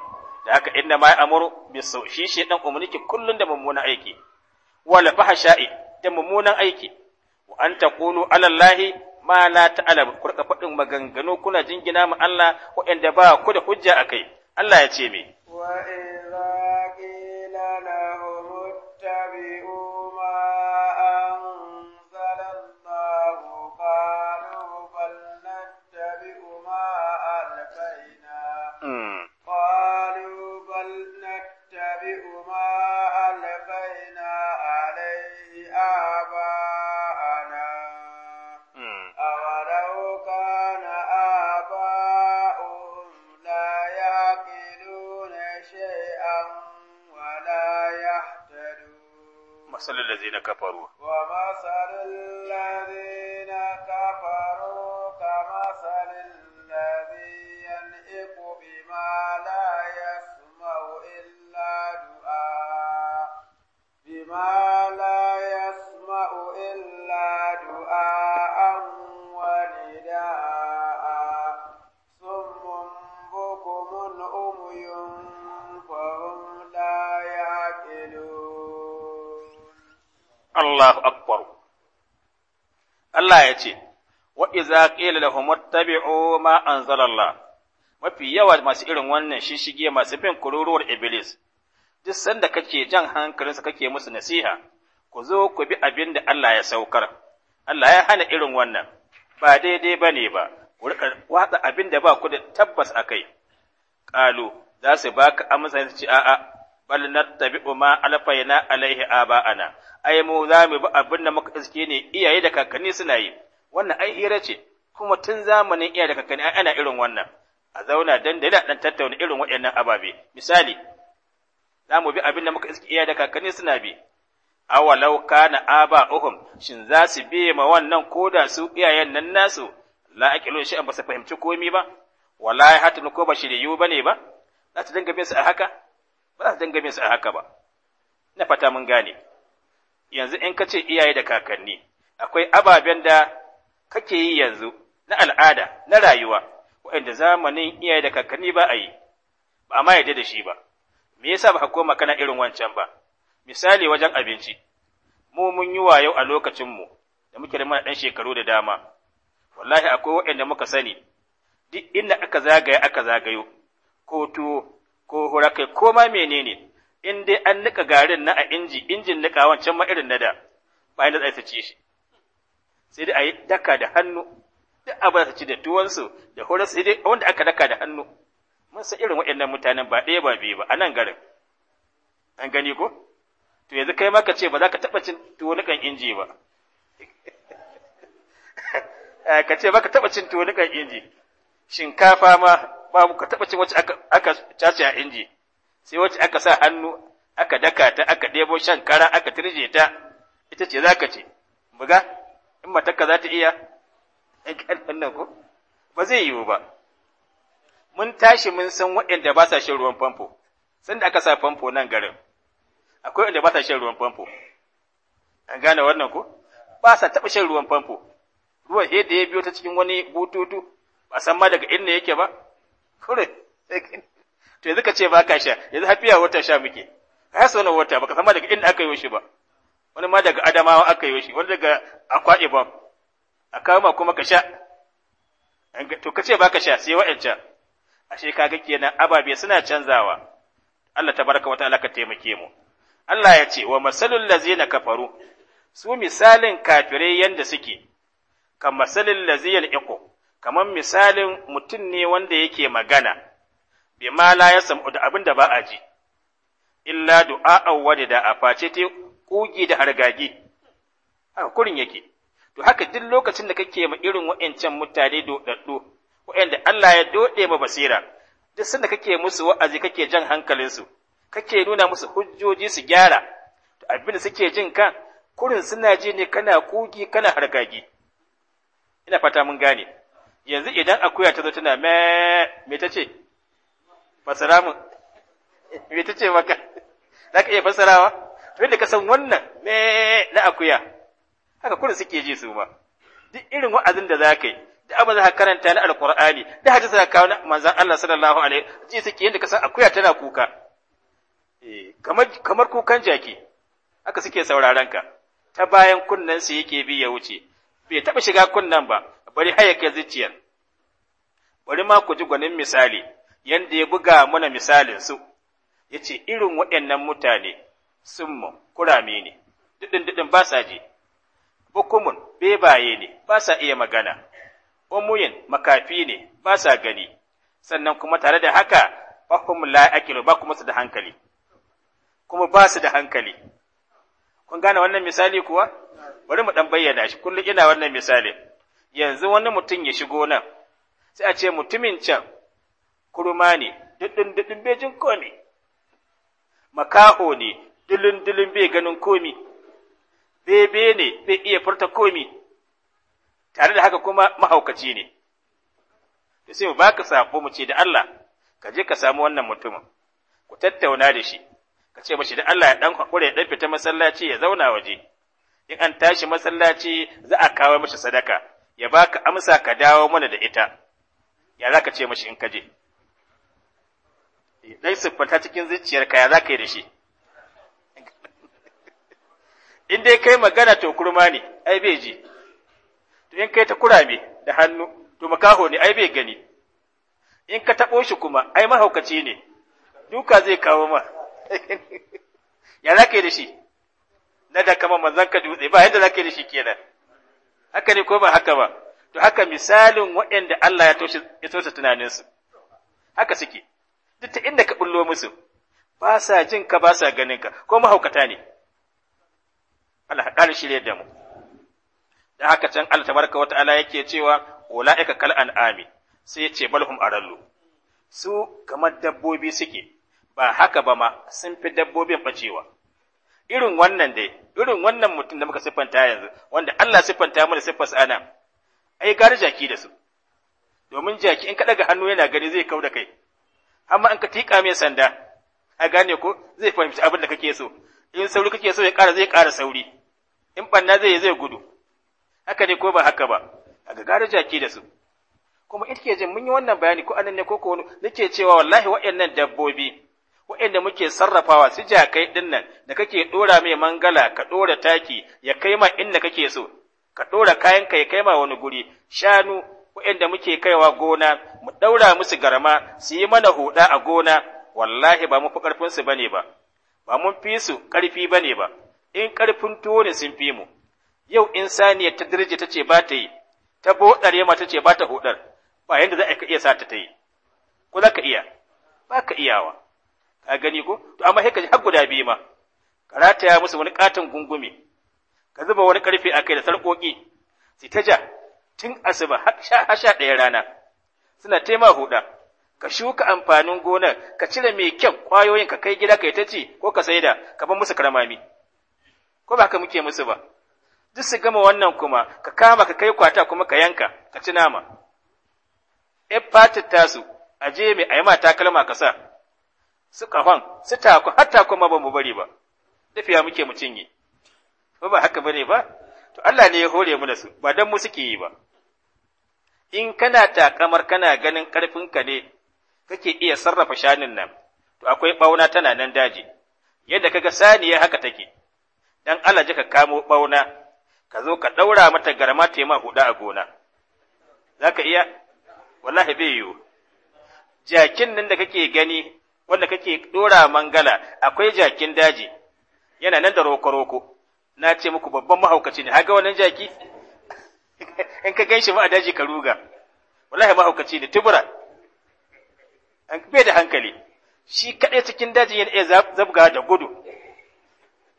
[SPEAKER 1] da haka inna ma ya'muru bis shi ɗan umarniki kullum da mummunan aiki wala sha'i, da mummunan aiki wa an taqulu ala mana ma la ta'lamu kurka fadin maganganu kuna jingina mu Allah waɗanda ba ku da hujja a kai. Allah ya ce me wa مثل الذين كفروا
[SPEAKER 2] ومثل
[SPEAKER 1] iza qila lahum muttabi'u ma anzalallah mafi yawa masu irin wannan shishige masu bin kururuwar iblis duk sanda kake jan hankalinsa kake musu nasiha ku zo ku bi abin da Allah ya saukar Allah ya hana irin wannan ba daidai bane ba ku rika watsa abin da ba ku da tabbas akai qalu za su baka amsa su ce a'a bal nattabi'u ma alfayna alaihi aba'ana ai mu za mu bi abin da muka iske ne iyaye da kakanni suna yi wannan ai hira ce kuma tun zamanin iya daga kani ana irin wannan a zauna dan da dan tattauna irin waɗannan ababe misali za mu bi abin da muka iya da kakanni suna bi awalau kana aba uhum shin za su bi ma wannan koda su iyayen nan nasu la aqilu shi ba su fahimci komai ba wallahi hatta ko ba shiriyu bane ba za su dinga bin su a haka ba za su dinga bin su a haka ba na fata mun gane yanzu in ka ce iyaye da kakanni akwai ababen da kake yi yanzu na al'ada na rayuwa waɗanda zamanin iyaye da kakanni ba a yi ba ma yadda da shi ba me yasa ba ka koma kana irin wancan ba misali wajen abinci mu mun yi wayo a lokacin mu da muke da ɗan shekaru da dama wallahi akwai waɗanda muka sani duk inda aka zagaya aka zagayo ko tuwo ko hura ko ma menene in dai an nika garin na a inji injin nika wancan ma irin na da bayan da tsaye ci shi sai dai a yi daka da hannu duk abin da ci da tuwansu da horar sai dai wanda aka daka da hannu mun san irin waɗannan mutanen ba ɗaya ba biyu ba a nan garin an gani ko to yanzu kai ma ka ce ba za ka taɓa cin tuwonukan inji ba (laughs) eh, ka ce ba ka taɓa cin tuwonukan inji shinkafa ma ba ka taɓa cin wacce aka caci a inji sai wacce aka sa hannu aka daka ta aka ɗebo shan aka turje ta ita ce za ka ce buga in matakka za ta iya wannan ko ba zai yiwu ba mun tashi mun san waɗanda ba sa shan ruwan famfo sanda aka sa famfo nan garin akwai wanda ba sa shan ruwan famfo an gane wannan ko ba sa taɓa shan ruwan famfo ruwan yadda ya biyo ta cikin wani bututu ba san ma daga inda yake ba kure to yanzu ka ce ba ka sha yanzu hafiya wata sha muke Ka har wani wata baka san ma daga inda aka yi shi ba wani ma daga adamawa aka yi shi wani daga akwaɗe bam a kama kuma ka sha to ka ce ba ka sha sai wa'ancan ashe kaga kenan ababe suna canzawa Allah tabaraka wa ta'ala ka taimake mu Allah ya ce wa masalul lazina kafaru su misalin kafirai yanda suke kan masalul laziyal iqo kamar misalin mutum ne wanda yake magana bi ma la samu da abin da ba a ji illa du'a awwada da a face kugi da hargagi. haka kurin yake to haka duk lokacin da kake ma irin wa'ancan mutane dodaddu wa'anda Allah ya dode ma basira duk sanda kake musu wa'azi kake jan hankalinsu kake nuna musu hujjoji su gyara to abin da suke jin kan kurin suna ji ne kana kugi kana hargagi ina fata mun gane yanzu idan akuya ta zo tana me me tace fasara mu (laughs) me tace maka (laughs) zaka iya fasarawa tun da ka san wannan me na akuya haka kurin suke ji su ma duk irin wa'azin da za ka yi da abin za karanta na alkur'ani da hadisi za kawo na manzon Allah sallallahu alaihi ji suke yadda ka san akuya tana kuka eh, kamar kamar kukan jaki haka suke sauraron ka ta bayan kunnen su yake bi ya wuce bai taba shiga kunnan ba bari haya kai zuciyar bari ma ku ji gwanin misali yanda ya buga mana misalin su yace irin waɗannan mutane summun kurame ne didin didin ba sa je bukumun bebaye ne ba sa iya magana umuyin makafi ne ba sa gani sannan kuma tare da haka fahum la akilu ba kuma su da hankali kuma ba su da hankali kun gane wannan misali kuwa bari mu ɗan bayyana shi kullum ina wannan misali yanzu wani mutum ya shigo nan sai a ce mutumin can kurma ne duddun duddun bejin ne makaho ne dilin-dilin bai ganin komi, bebe ne bai iya furta komi, tare da haka kuma mahaukaci ne. Da sai mu baka sabo mu ce da Allah, ka je ka samu wannan mutumin, ku tattauna da shi, ka ce mashi da Allah ya ɗan haƙura ya ɗan fita masallaci ya zauna waje, in an tashi masallaci za a kawo mashi sadaka, ya baka amsa ka dawo mana da ita, ya za ka ce mashi in ka je. Ɗan siffanta cikin zuciyarka ya za ka yi da shi. in dai kai magana to kurma ne ai bai ji to in kai ta kurame da hannu to makaho ne ai bai gani in ka taɓo shi kuma ai mahaukaci ne duka zai kawo ma (laughs) ya za ka yi da shi na da kama manzan ka dutse ba yadda za ka yi da shi kenan haka ne ko ba haka ba to haka misalin waɗanda Allah ya tosa tunaninsu haka suke duk ta inda ka bullo musu ba sa jin ka ba sa ganin ka ko mahaukata ne Allah ka shirye da mu da haka can Allah tabaraka wa ta'ala yake cewa ulaika kal an'ami sai ya ce balhum arallu su kamar dabbobi suke ba haka ba ma sun fi dabbobin bacewa irin wannan dai irin wannan mutum da muka siffanta yanzu wanda Allah siffanta mana siffar ana ai gari jaki da su domin jaki in ka daga hannu yana gani zai kau da kai amma in ka tiƙa mai sanda a gane ko zai fahimci abin da kake so in sauri kake so ya ƙara zai ƙara sauri in ɓanna zai yi zai gudu haka ne ko ba haka ba a gagarin jaki da su kuma ita ke jin mun yi wannan bayani ko anan ne ko ko nake cewa wallahi waɗannan dabbobi waɗanda muke sarrafawa su jakai ɗin nan da kake ɗora mai mangala ka ɗora taki ya kai ma inda kake so ka ɗora kayan ka ya kai ma wani guri shanu waɗanda muke kaiwa gona mu ɗaura musu garma su yi mana huɗa a gona wallahi ba mu fi ƙarfinsu ba ne ba ba mun fi su ƙarfi ba ne ba, in ƙarfin tuwo ne sun fi mu, yau in saniyar ta dirje ta ce ba ta yi, ta boɗar ma ta ce ba ta huɗar, ba yadda za a iya sa ta ta yi, ko za ka iya, ba ka iyawa, ka gani ko, to amma haka ka ji har guda biyu ma, ka rataya musu wani ƙaton gungumi, ka zuba wani ƙarfe a kai da sarƙoƙi, su ta ja, tun asuba har sha ɗaya rana, suna taimaka huɗa, ka shuka amfanin gonar ka cire mai kyau kwayoyin ka kai gida ka yi ta ci ko ka saida ka bar musu karamami ko ba ka muke musu ba duk su gama wannan kuma ka kama ka kai kwata kuma ka yanka ka ci nama e ta tasu a je mai a yi mata kalma ka sa su kafan su taku har taku ma ba mu bari ba tafiya muke mu cinye ba ba haka bane ba to Allah ne ya hore mu da su ba dan mu suke yi ba in kana takamar kana ganin karfin ka ne kake iya sarrafa shanin nan to akwai ɓauna tana nan daji yadda kaga saniya haka take dan Allah ka kamo bauna ka zo ka ɗaura mata garma ta ma huda a gona zaka iya wallahi bai yiwu jakin nan da kake gani wanda kake dora mangala akwai jakin daji yana nan da roko-roko na ce muku babban mahaukaci ne haga wannan jaki (laughs) in ka gan shi ma a daji ka ruga wallahi mahaukaci ne tubura an bai da hankali shi kaɗai cikin daji yana iya zabga da gudu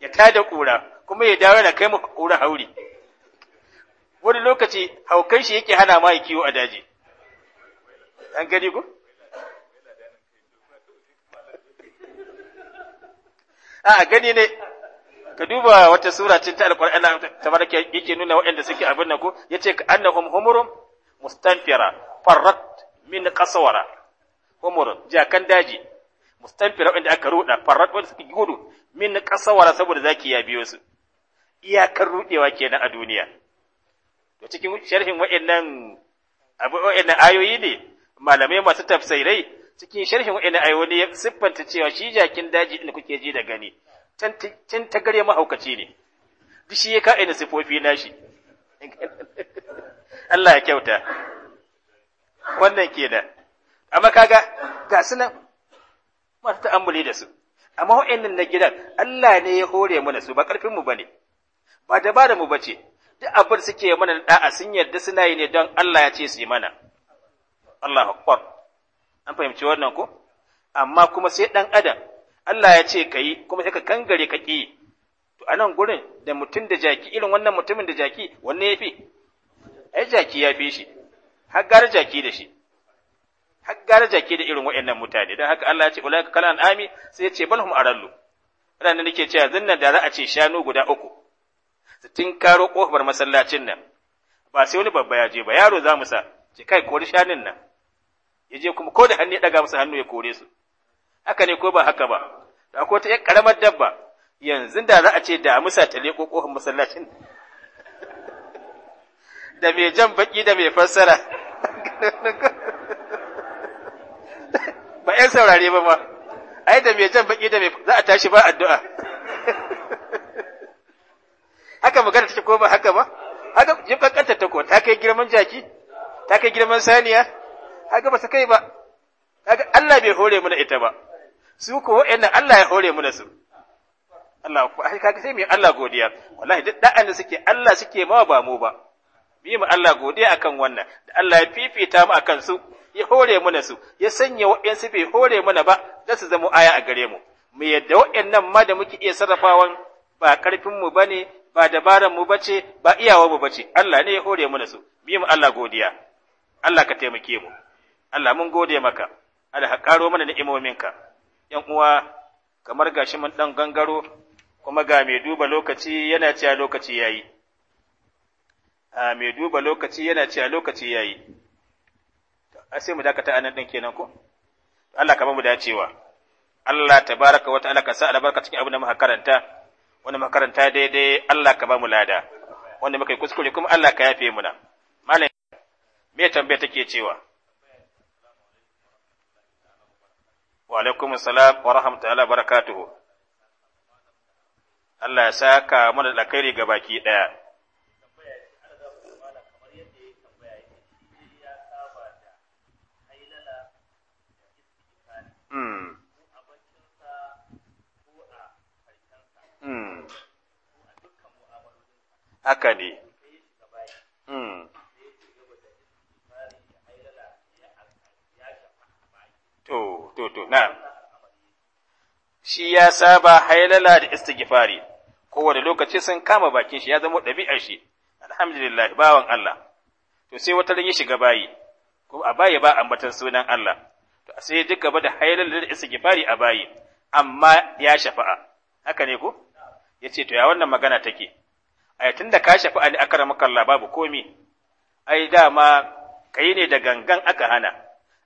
[SPEAKER 1] ya tada ƙura kuma ya dawo yana kai maka ƙura hauri wani lokaci haukai shi yake hana ma ya kiwo a daji an gani ku. a gani ne ka duba wata sura cin ta ta tabaraka yake nuna waɗanda suke abin nan ko yace ka annahum humurum mustanfira farrat min qaswara umurun jakan daji mustanfira wanda aka ruɗa farrat wanda suka gudu min na kasawara saboda zaki ya biyo su iyakar rudewa kenan a duniya to cikin sharhin wa'annan abu wa'annan ayoyi ne malamai masu tafsirai cikin sharhin wa'annan ayoyi ya siffanta cewa shi jakin daji din kuke ji da gani can ta gare mahaukaci ne duk shi ya ka ina sifofi nashi (laughs) Allah ya kyauta wannan kenan amma kaga ga su nan masu ta'ammuli da su amma wa'annan na gidan Allah ne ya hore mana su ba karfin mu bane ba dabara mu bace duk abin suke mana da'a sun yarda suna yi ne don Allah ya ce su yi mana Allahu akbar an fahimci wannan ko amma kuma sai dan adam Allah ya ce kai kuma sai ka kangare ka ki to anan gurin da mutum da jaki irin wannan mutumin da jaki wanne yafi ai jaki yafi shi har gar jaki da shi har garaja ke da irin waɗannan mutane don haka Allah ya ce ulaika kalan ami sai ya ce balhum arallu ne nake cewa zanna da za a ce shanu guda uku su karo kofar masallacin nan ba sai wani babba ya je ba yaro za mu sa ce kai kori shanun nan ya je kuma ko da hannu ya daga musu hannu ya kore su haka ne ko ba haka ba da ko ta karamar dabba yanzu da za a ce da musa ta leko kofar masallacin (laughs) da mai jan baki da mai fassara (laughs) ba ‘yan saurare ba ma, ai da mai jan baƙi da mai za a tashi ba addu'a. (laughs) Haka magana take ko ba haka ba? Haka jin ƙanƙanta ta ko, ta kai girman jaki, ta kai girman saniya, haka ba su kai ba. Haka Allah bai hore mana ita ba, su ko wa'yannan Allah ya hore mana su. Allah ku, haka sai mai yi Allah godiya, wallahi duk da'an da suke Allah suke ma ba mu ba. mu Allah godiya akan wannan da Allah ya fifita mu akan su ya hore mana su ya sanya wa'ansu bai hore mana ba za su zama aya a gare mu mu yadda nan ma da muke iya sarrafawa ba karfin mu bane ba dabaran mu bace ba iyawar mu bace Allah ne ya hore mana su mu Allah godiya Allah ka taimake mu Allah mun gode maka Allah ka karo mana ni'imominka yan uwa kamar gashi mun dan gangaro kuma ga mai duba lokaci yana cewa lokaci yayi mai duba lokaci yana a lokaci ya yi. a sai mu dakata anan ɗin kenan ko Allah ka ba mu dacewa Allah baraka wata ta'ala ka sa albarka cikin abin da muka karanta wanda muka karanta daidai Allah ka ba mu lada wanda muka yi kuskure kuma Allah ka yafe muna malam me tambaya take cewa wa alaikum salam wa rahmatullahi wa barakatuhu Allah ya saka mana da kai ga baki daya Hmm. Haka ne. Hmm. To, to, to, na. Shi ya saba hailala da istighfari, kowane lokaci sun kama bakin shi ya zama ɗabi'ar shi, alhamdulillah, bawan Allah. To, sai wata ya shiga bayi, ko a bayi ba ambatan sunan Allah, to, sai duka ba da hailala da istighfari a bayi, amma ya shafa'a, haka ne ko? ya ce to ya wannan magana take ai tun da ka shafi ali akara makalla babu komi ai dama kai ne da gangan aka hana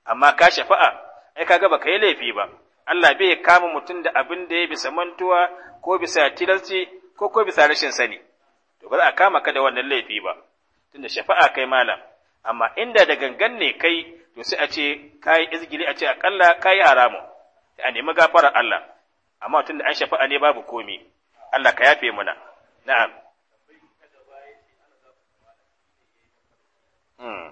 [SPEAKER 1] amma ka shafa'a ai kaga ba yi laifi ba Allah bai kama mutum da abin da ya bisa mantuwa ko bisa tilalci ko ko bisa rashin sani to ba a kama ka da wannan laifi ba tunda shafa'a kai malam amma inda da gangan ne kai to sai a ce kai izgili a ce akalla kai haramu a nemi gafarar Allah amma tunda an shafa'a ne babu komi Allah ka yafe muna na'am hmm.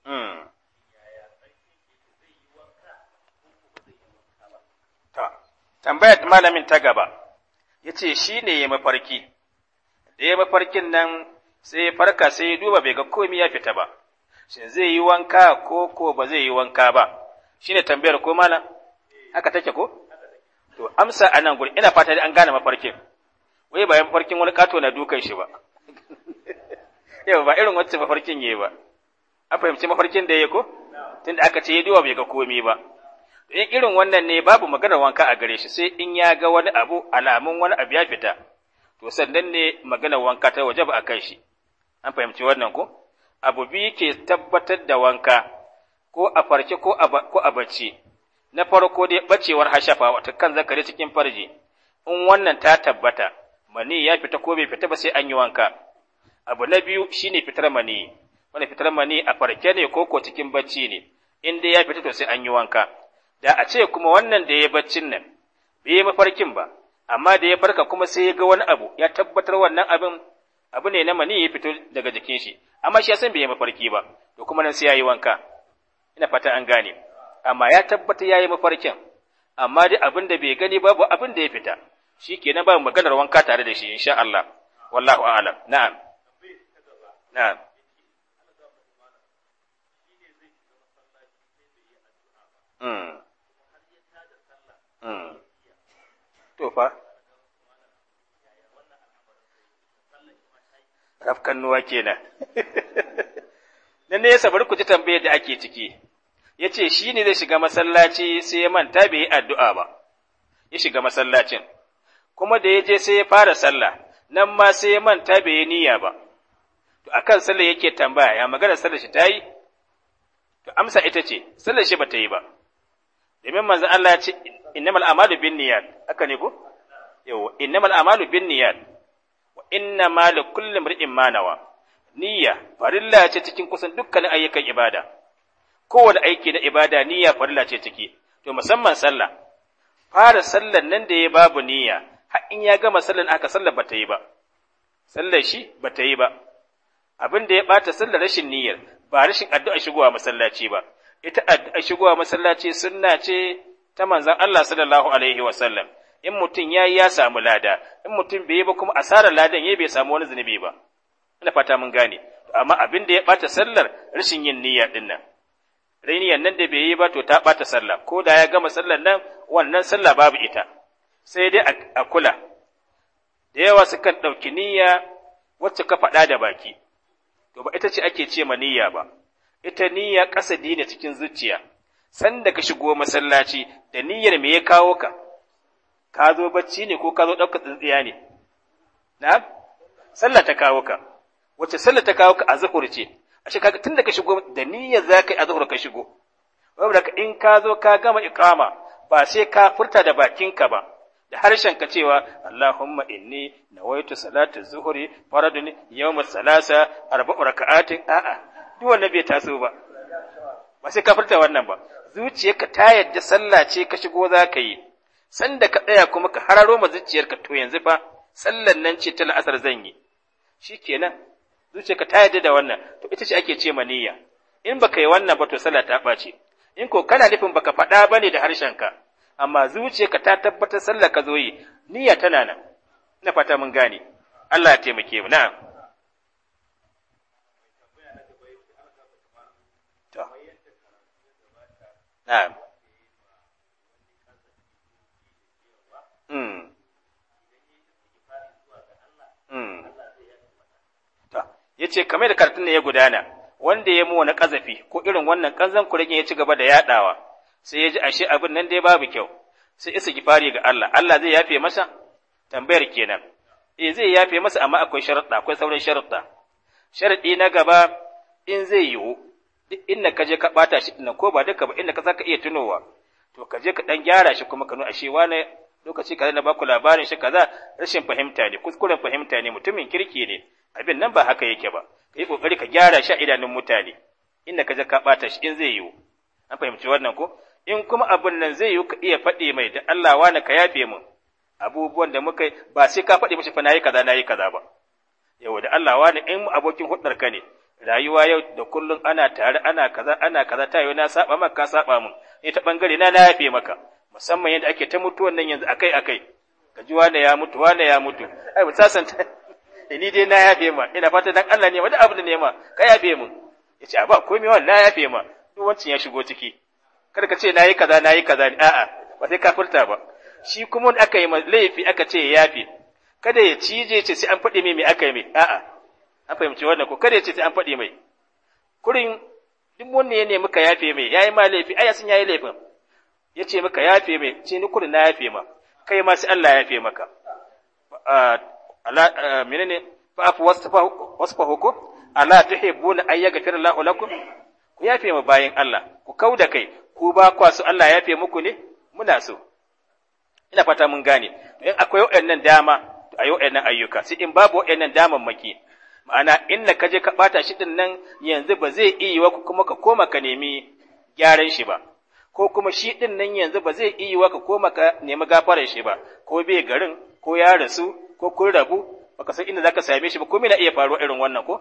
[SPEAKER 1] Hmm. tambayar malamin ta gaba ya ce shi ne ya mafarki da ya mafarkin nan sai ya farka sai ya duba bai ga komi ya fita ba shin zai yi wanka ko ko ba zai yi wanka ba shine tambayar ko mana? haka take ko to amsa anan guri ina fata dai an gane mafarkin wai ba mafarkin wani kato na dukan shi ba (laughs) yau ba irin wacce mafarkin yayi ba an fahimci mafarkin da yayi ko tunda aka ce ya duwa bai ga komai ba in irin wannan ne babu maganar wanka a gare shi sai in ya ga wani abu alamun wani abu ya fita to sannan ne maganar wanka ta waje ba a kan shi an fahimci wannan ko abu biyu ke tabbatar da wanka ko a farce ko a bacci na farko dai bacewar hashafa wata kan zakari cikin farji in wannan ta tabbata mani ya fita ko bai fita ba sai an yi wanka abu na biyu shine fitar mani wani fitar mani a farke ne ko ko cikin bacci ne in dai ya fita to sai an yi wanka da a ce kuma wannan da ya baccin nan bai yi mafarkin ba amma da ya farka kuma sai ya ga wani abu ya tabbatar wannan abin abu ne na mani ya fito daga jikin shi amma shi ya san bai yi mafarki ba to kuma nan sai ya yi wanka ina fata an gane amma ya tabbata yi mafarkin amma dai abin da bai gani babu abin da ya fita shikenan babu maganar wanka tare da shi insha Allah wallahu a'lam na'am na'am hmm. hmm. rafkan nuwa kenan (laughs) nan ne ya sabar ku ji tambayar da ake ciki ya ce shi ne zai shiga masallaci sai ya manta bai yi addu'a ba, ya shiga masallacin, kuma da ya je sai ya fara sallah, nan ma sai ya manta bai yi niyya ba, to a kan sallah yake tambaya, ya magana sallah shi ta yi? To amsa ita ce, sallah shi ba ta yi ba, domin manzan Allah ce, inna mal’amalu bin niyyar, aka ne ko? Yau, inna mal’amalu bin niyyar, wa inna ma kullum ri'in manawa, niyya, farilla ce cikin kusan dukkanin ayyukan ibada. kowane aiki na ibada niyya farilla ce ciki to musamman sallah fara sallar nan da ya babu niyya har in ya gama sallan aka sallar bata yi ba sallar shi bata yi ba abin da ya bata sallar rashin niyyar ba rashin addu'a shigowa masallaci ba ita addu'a shigowa masallaci sunna ce ta manzon Allah sallallahu alaihi wa sallam in mutum yayi ya samu lada in mutum bai yi ba kuma asarar ladan yayi bai samu wani zunubi ba ina fata mun gane amma abin da ya bata sallar rashin yin niyya dinnan rainiyar nan da bai yi ba to ta ɓata sallah ko da ya gama sallar nan wannan sallah babu ita sai dai a kula da yawa sukan ɗauki niyya wacce ka faɗa da baki to ba ita ce ake ce ma niyya ba ita niyya ƙasa dina cikin zuciya sanda ka shigo masallaci da niyyar me ya kawo ka ka zo bacci ne ko ka zo ɗaukar tsintsiya ne na sallah ta kawo ka wacce sallah ta kawo ka a zuhur ce a shi kaga tun da ka shigo da niyya za ka yi azhar ka shigo saboda in ka zo ka gama iqama ba sai ka furta da bakinka ba da harshen ka cewa Allahumma inni nawaitu salatu zuhuri, faradun yawm salasa arba'u raka'atin a'a duk wannan bai taso ba ba sai ka furta wannan ba zuciyarka ta yadda sallah ce ka shigo za ka yi sanda ka tsaya kuma ka hararo ma zuciyarka to yanzu fa sallan nan ce ta la'asar zan yi shikenan ka ta yarda da wannan to ita ce ake ce niyya in baka yi wannan ba to sallah ta ɓace in ko kana nufin baka faɗa ba ne da harshenka amma zuciyarka ta tabbatar sallah ka zo yi niyya tana nan ina fata mun gane Allah ya taimake mu na'am na'am hmm. ya ce kamar da karatun ne ya gudana wanda ya mu wani ƙazafi ko irin wannan ƙanzan kuregen ya ci gaba da yaɗawa sai ya ji ashe abin nan dai babu kyau sai isa gifari ga Allah Allah zai yafe masa tambayar kenan eh zai yafe masa amma akwai sharaɗa akwai sauran sharaɗa sharaɗi na gaba in zai yiwu duk inda ka ka ɓata shi dinnan, ko ba duka ba inda ka saka iya tunowa to ka je ka ɗan gyara shi kuma ka nuna ashe wane lokaci kaza na baku labarin shi kaza rashin fahimta ne kuskuren fahimta ne mutumin kirki ne abin nan ba haka yake ba kai kokari ka gyara shi a idanun mutane inda ka je ka bata shi in zai yiwu an fahimci wannan ko in kuma abin nan zai yiwu ka iya faɗi mai da Allah wani ka yafe mu abubuwan da muka ba sai ka faɗi mashi fa nayi kaza nayi kaza ba yau da Allah wani in abokin hudar ka ne rayuwa yau da kullum ana tare ana kaza ana kaza ta yau na saba maka ka saba mun ni ta bangare na na yafe maka musamman yadda ake ta mutuwan nan yanzu akai akai ka ji wani ya mutu wani ya mutu ai ni dai na yafe ma ina fata dan Allah ne ma da abu ne ma ka yafe mu yace a ba komai wannan na yafe ma duk wancin ya shigo ciki kada ka ce nayi kaza nayi kaza a'a ba sai kafirta ba shi kuma da aka yi laifi aka ce ya yafe kada ya cije ce sai an faɗi mai mai aka yi mai a'a an fahimci wannan ko kada ya ce sai an faɗi mai kurin duk wanda ya nemi ka yafe mai yayi ma laifi ai sun yayi laifin ya ce maka yafe mai ce ni kurin na yafe ma kai ma sai Allah ya yafe maka ala menene fa afu wasfahu ko ala tuhibbuna ay yaghfira Allahu lakum ku yafe mu bayin Allah ku kauda kai ku ba kwa su Allah yafe muku ne muna so ina fata mun gane in akwai waɗannan dama to wayannan waɗannan ayyuka sai in babu daman maki ma'ana in ka je ka bata shi din nan yanzu ba zai iya wa kuma ka koma ka nemi gyaran shi ba ko kuma shi din nan yanzu ba zai iya ka koma ka nemi gafarar shi ba, ko bai garin, ko ya rasu, ko kun rabu baka san inda zaka same shi ba komai na iya faruwa irin wannan ko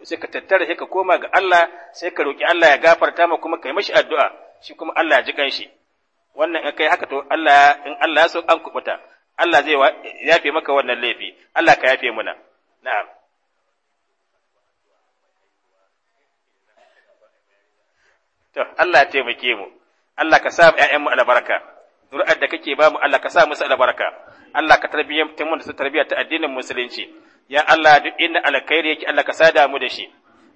[SPEAKER 1] sai ka tattara sai ka koma ga Allah sai ka roki Allah ya gafarta ma kuma kai mashi addu'a shi kuma Allah ya ji kanshi wannan in kai haka to Allah in Allah ya so an kubuta Allah zai yafe maka wannan laifi Allah ka yafe muna na'am to Allah ya taimake mu Allah ka sa mu 'ya'yan mu albaraka zuri'ar da kake ba mu Allah ka sa musu albaraka Allah ka tarbiyyar mu da tarbiyya ta addinin musulunci ya Allah duk inda alkhairi yake Allah ka sada mu da shi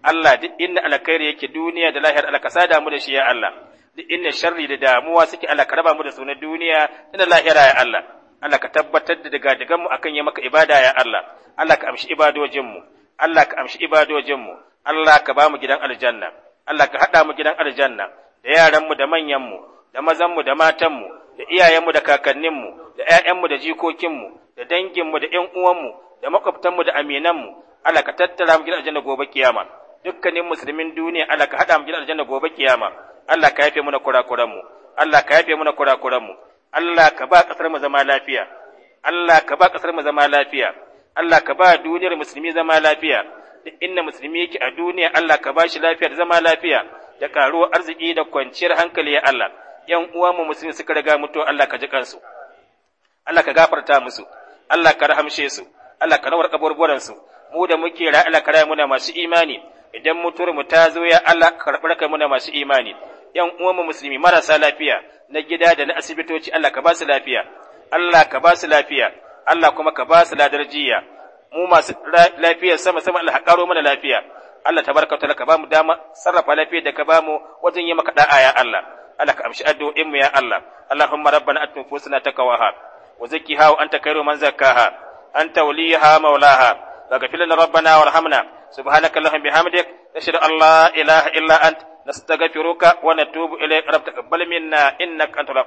[SPEAKER 1] Allah duk inda alkhairi yake duniya da lahiyar Allah ka sada mu da shi ya Allah duk inda sharri da damuwa suke Allah ka raba mu da sunan duniya da lahira ya Allah Allah ka tabbatar da daga daga mu akan yi maka ibada ya Allah Allah ka amshi ibadojin mu Allah ka amshi ibadojin mu Allah ka ba mu gidan aljanna Allah ka hada mu gidan aljanna da yaran mu da manyan mu da mazan mu da matan mu da iyayenmu da kakanninmu da ‘ya'yanmu da jikokinmu da danginmu da ‘yan uwanmu da makwabtanmu da aminanmu Allah ka tattara mu gina aljanna gobe kiyama dukkanin musulmin duniya Allah ka haɗa mu gina aljanna gobe kiyama Allah ka yafe mana kurakuranmu Allah ka yafe mana kurakuranmu Allah ka ba ƙasar mu zama lafiya Allah ka ba ƙasar mu zama lafiya Allah ka ba duniyar musulmi zama lafiya duk inda musulmi yake a duniya Allah ka ba shi lafiya da zama lafiya da karuwar arziki da kwanciyar hankali ya Allah ‘yan uwa mu musulmi suka riga mutu Allah ka ji kansu, Allah ka gafarta musu, Allah ka rahamshe su, Allah ka rawar kaburburan su, mu da muke ra Allah ka raya muna masu imani, idan mutuwar mu ta zo ya Allah karɓar kai muna masu imani. ‘Yan uwa mu musulmi marasa lafiya na gida da na asibitoci Allah ka ba su lafiya, Allah ka ba su lafiya, Allah kuma ka ba su ladar jiya. Mu masu lafiya sama sama Allah ka ƙaro mana lafiya. Allah ta barka ka ba mu dama sarrafa lafiya da ka ba mu wajen yi maka da'a ya Allah. Allah ka amshi addu'o'in mu ya Allah Allahumma rabbana atina anfusana taqwaha wa zakkiha wa anta khairu man zakkaha anta waliyaha mawlaha faghfir lana rabbana warhamna subhanaka allahumma bihamdik ashhadu an la ilaha illa anta nastaghfiruka wa natubu ilayk rabbana taqabbal minna innaka antal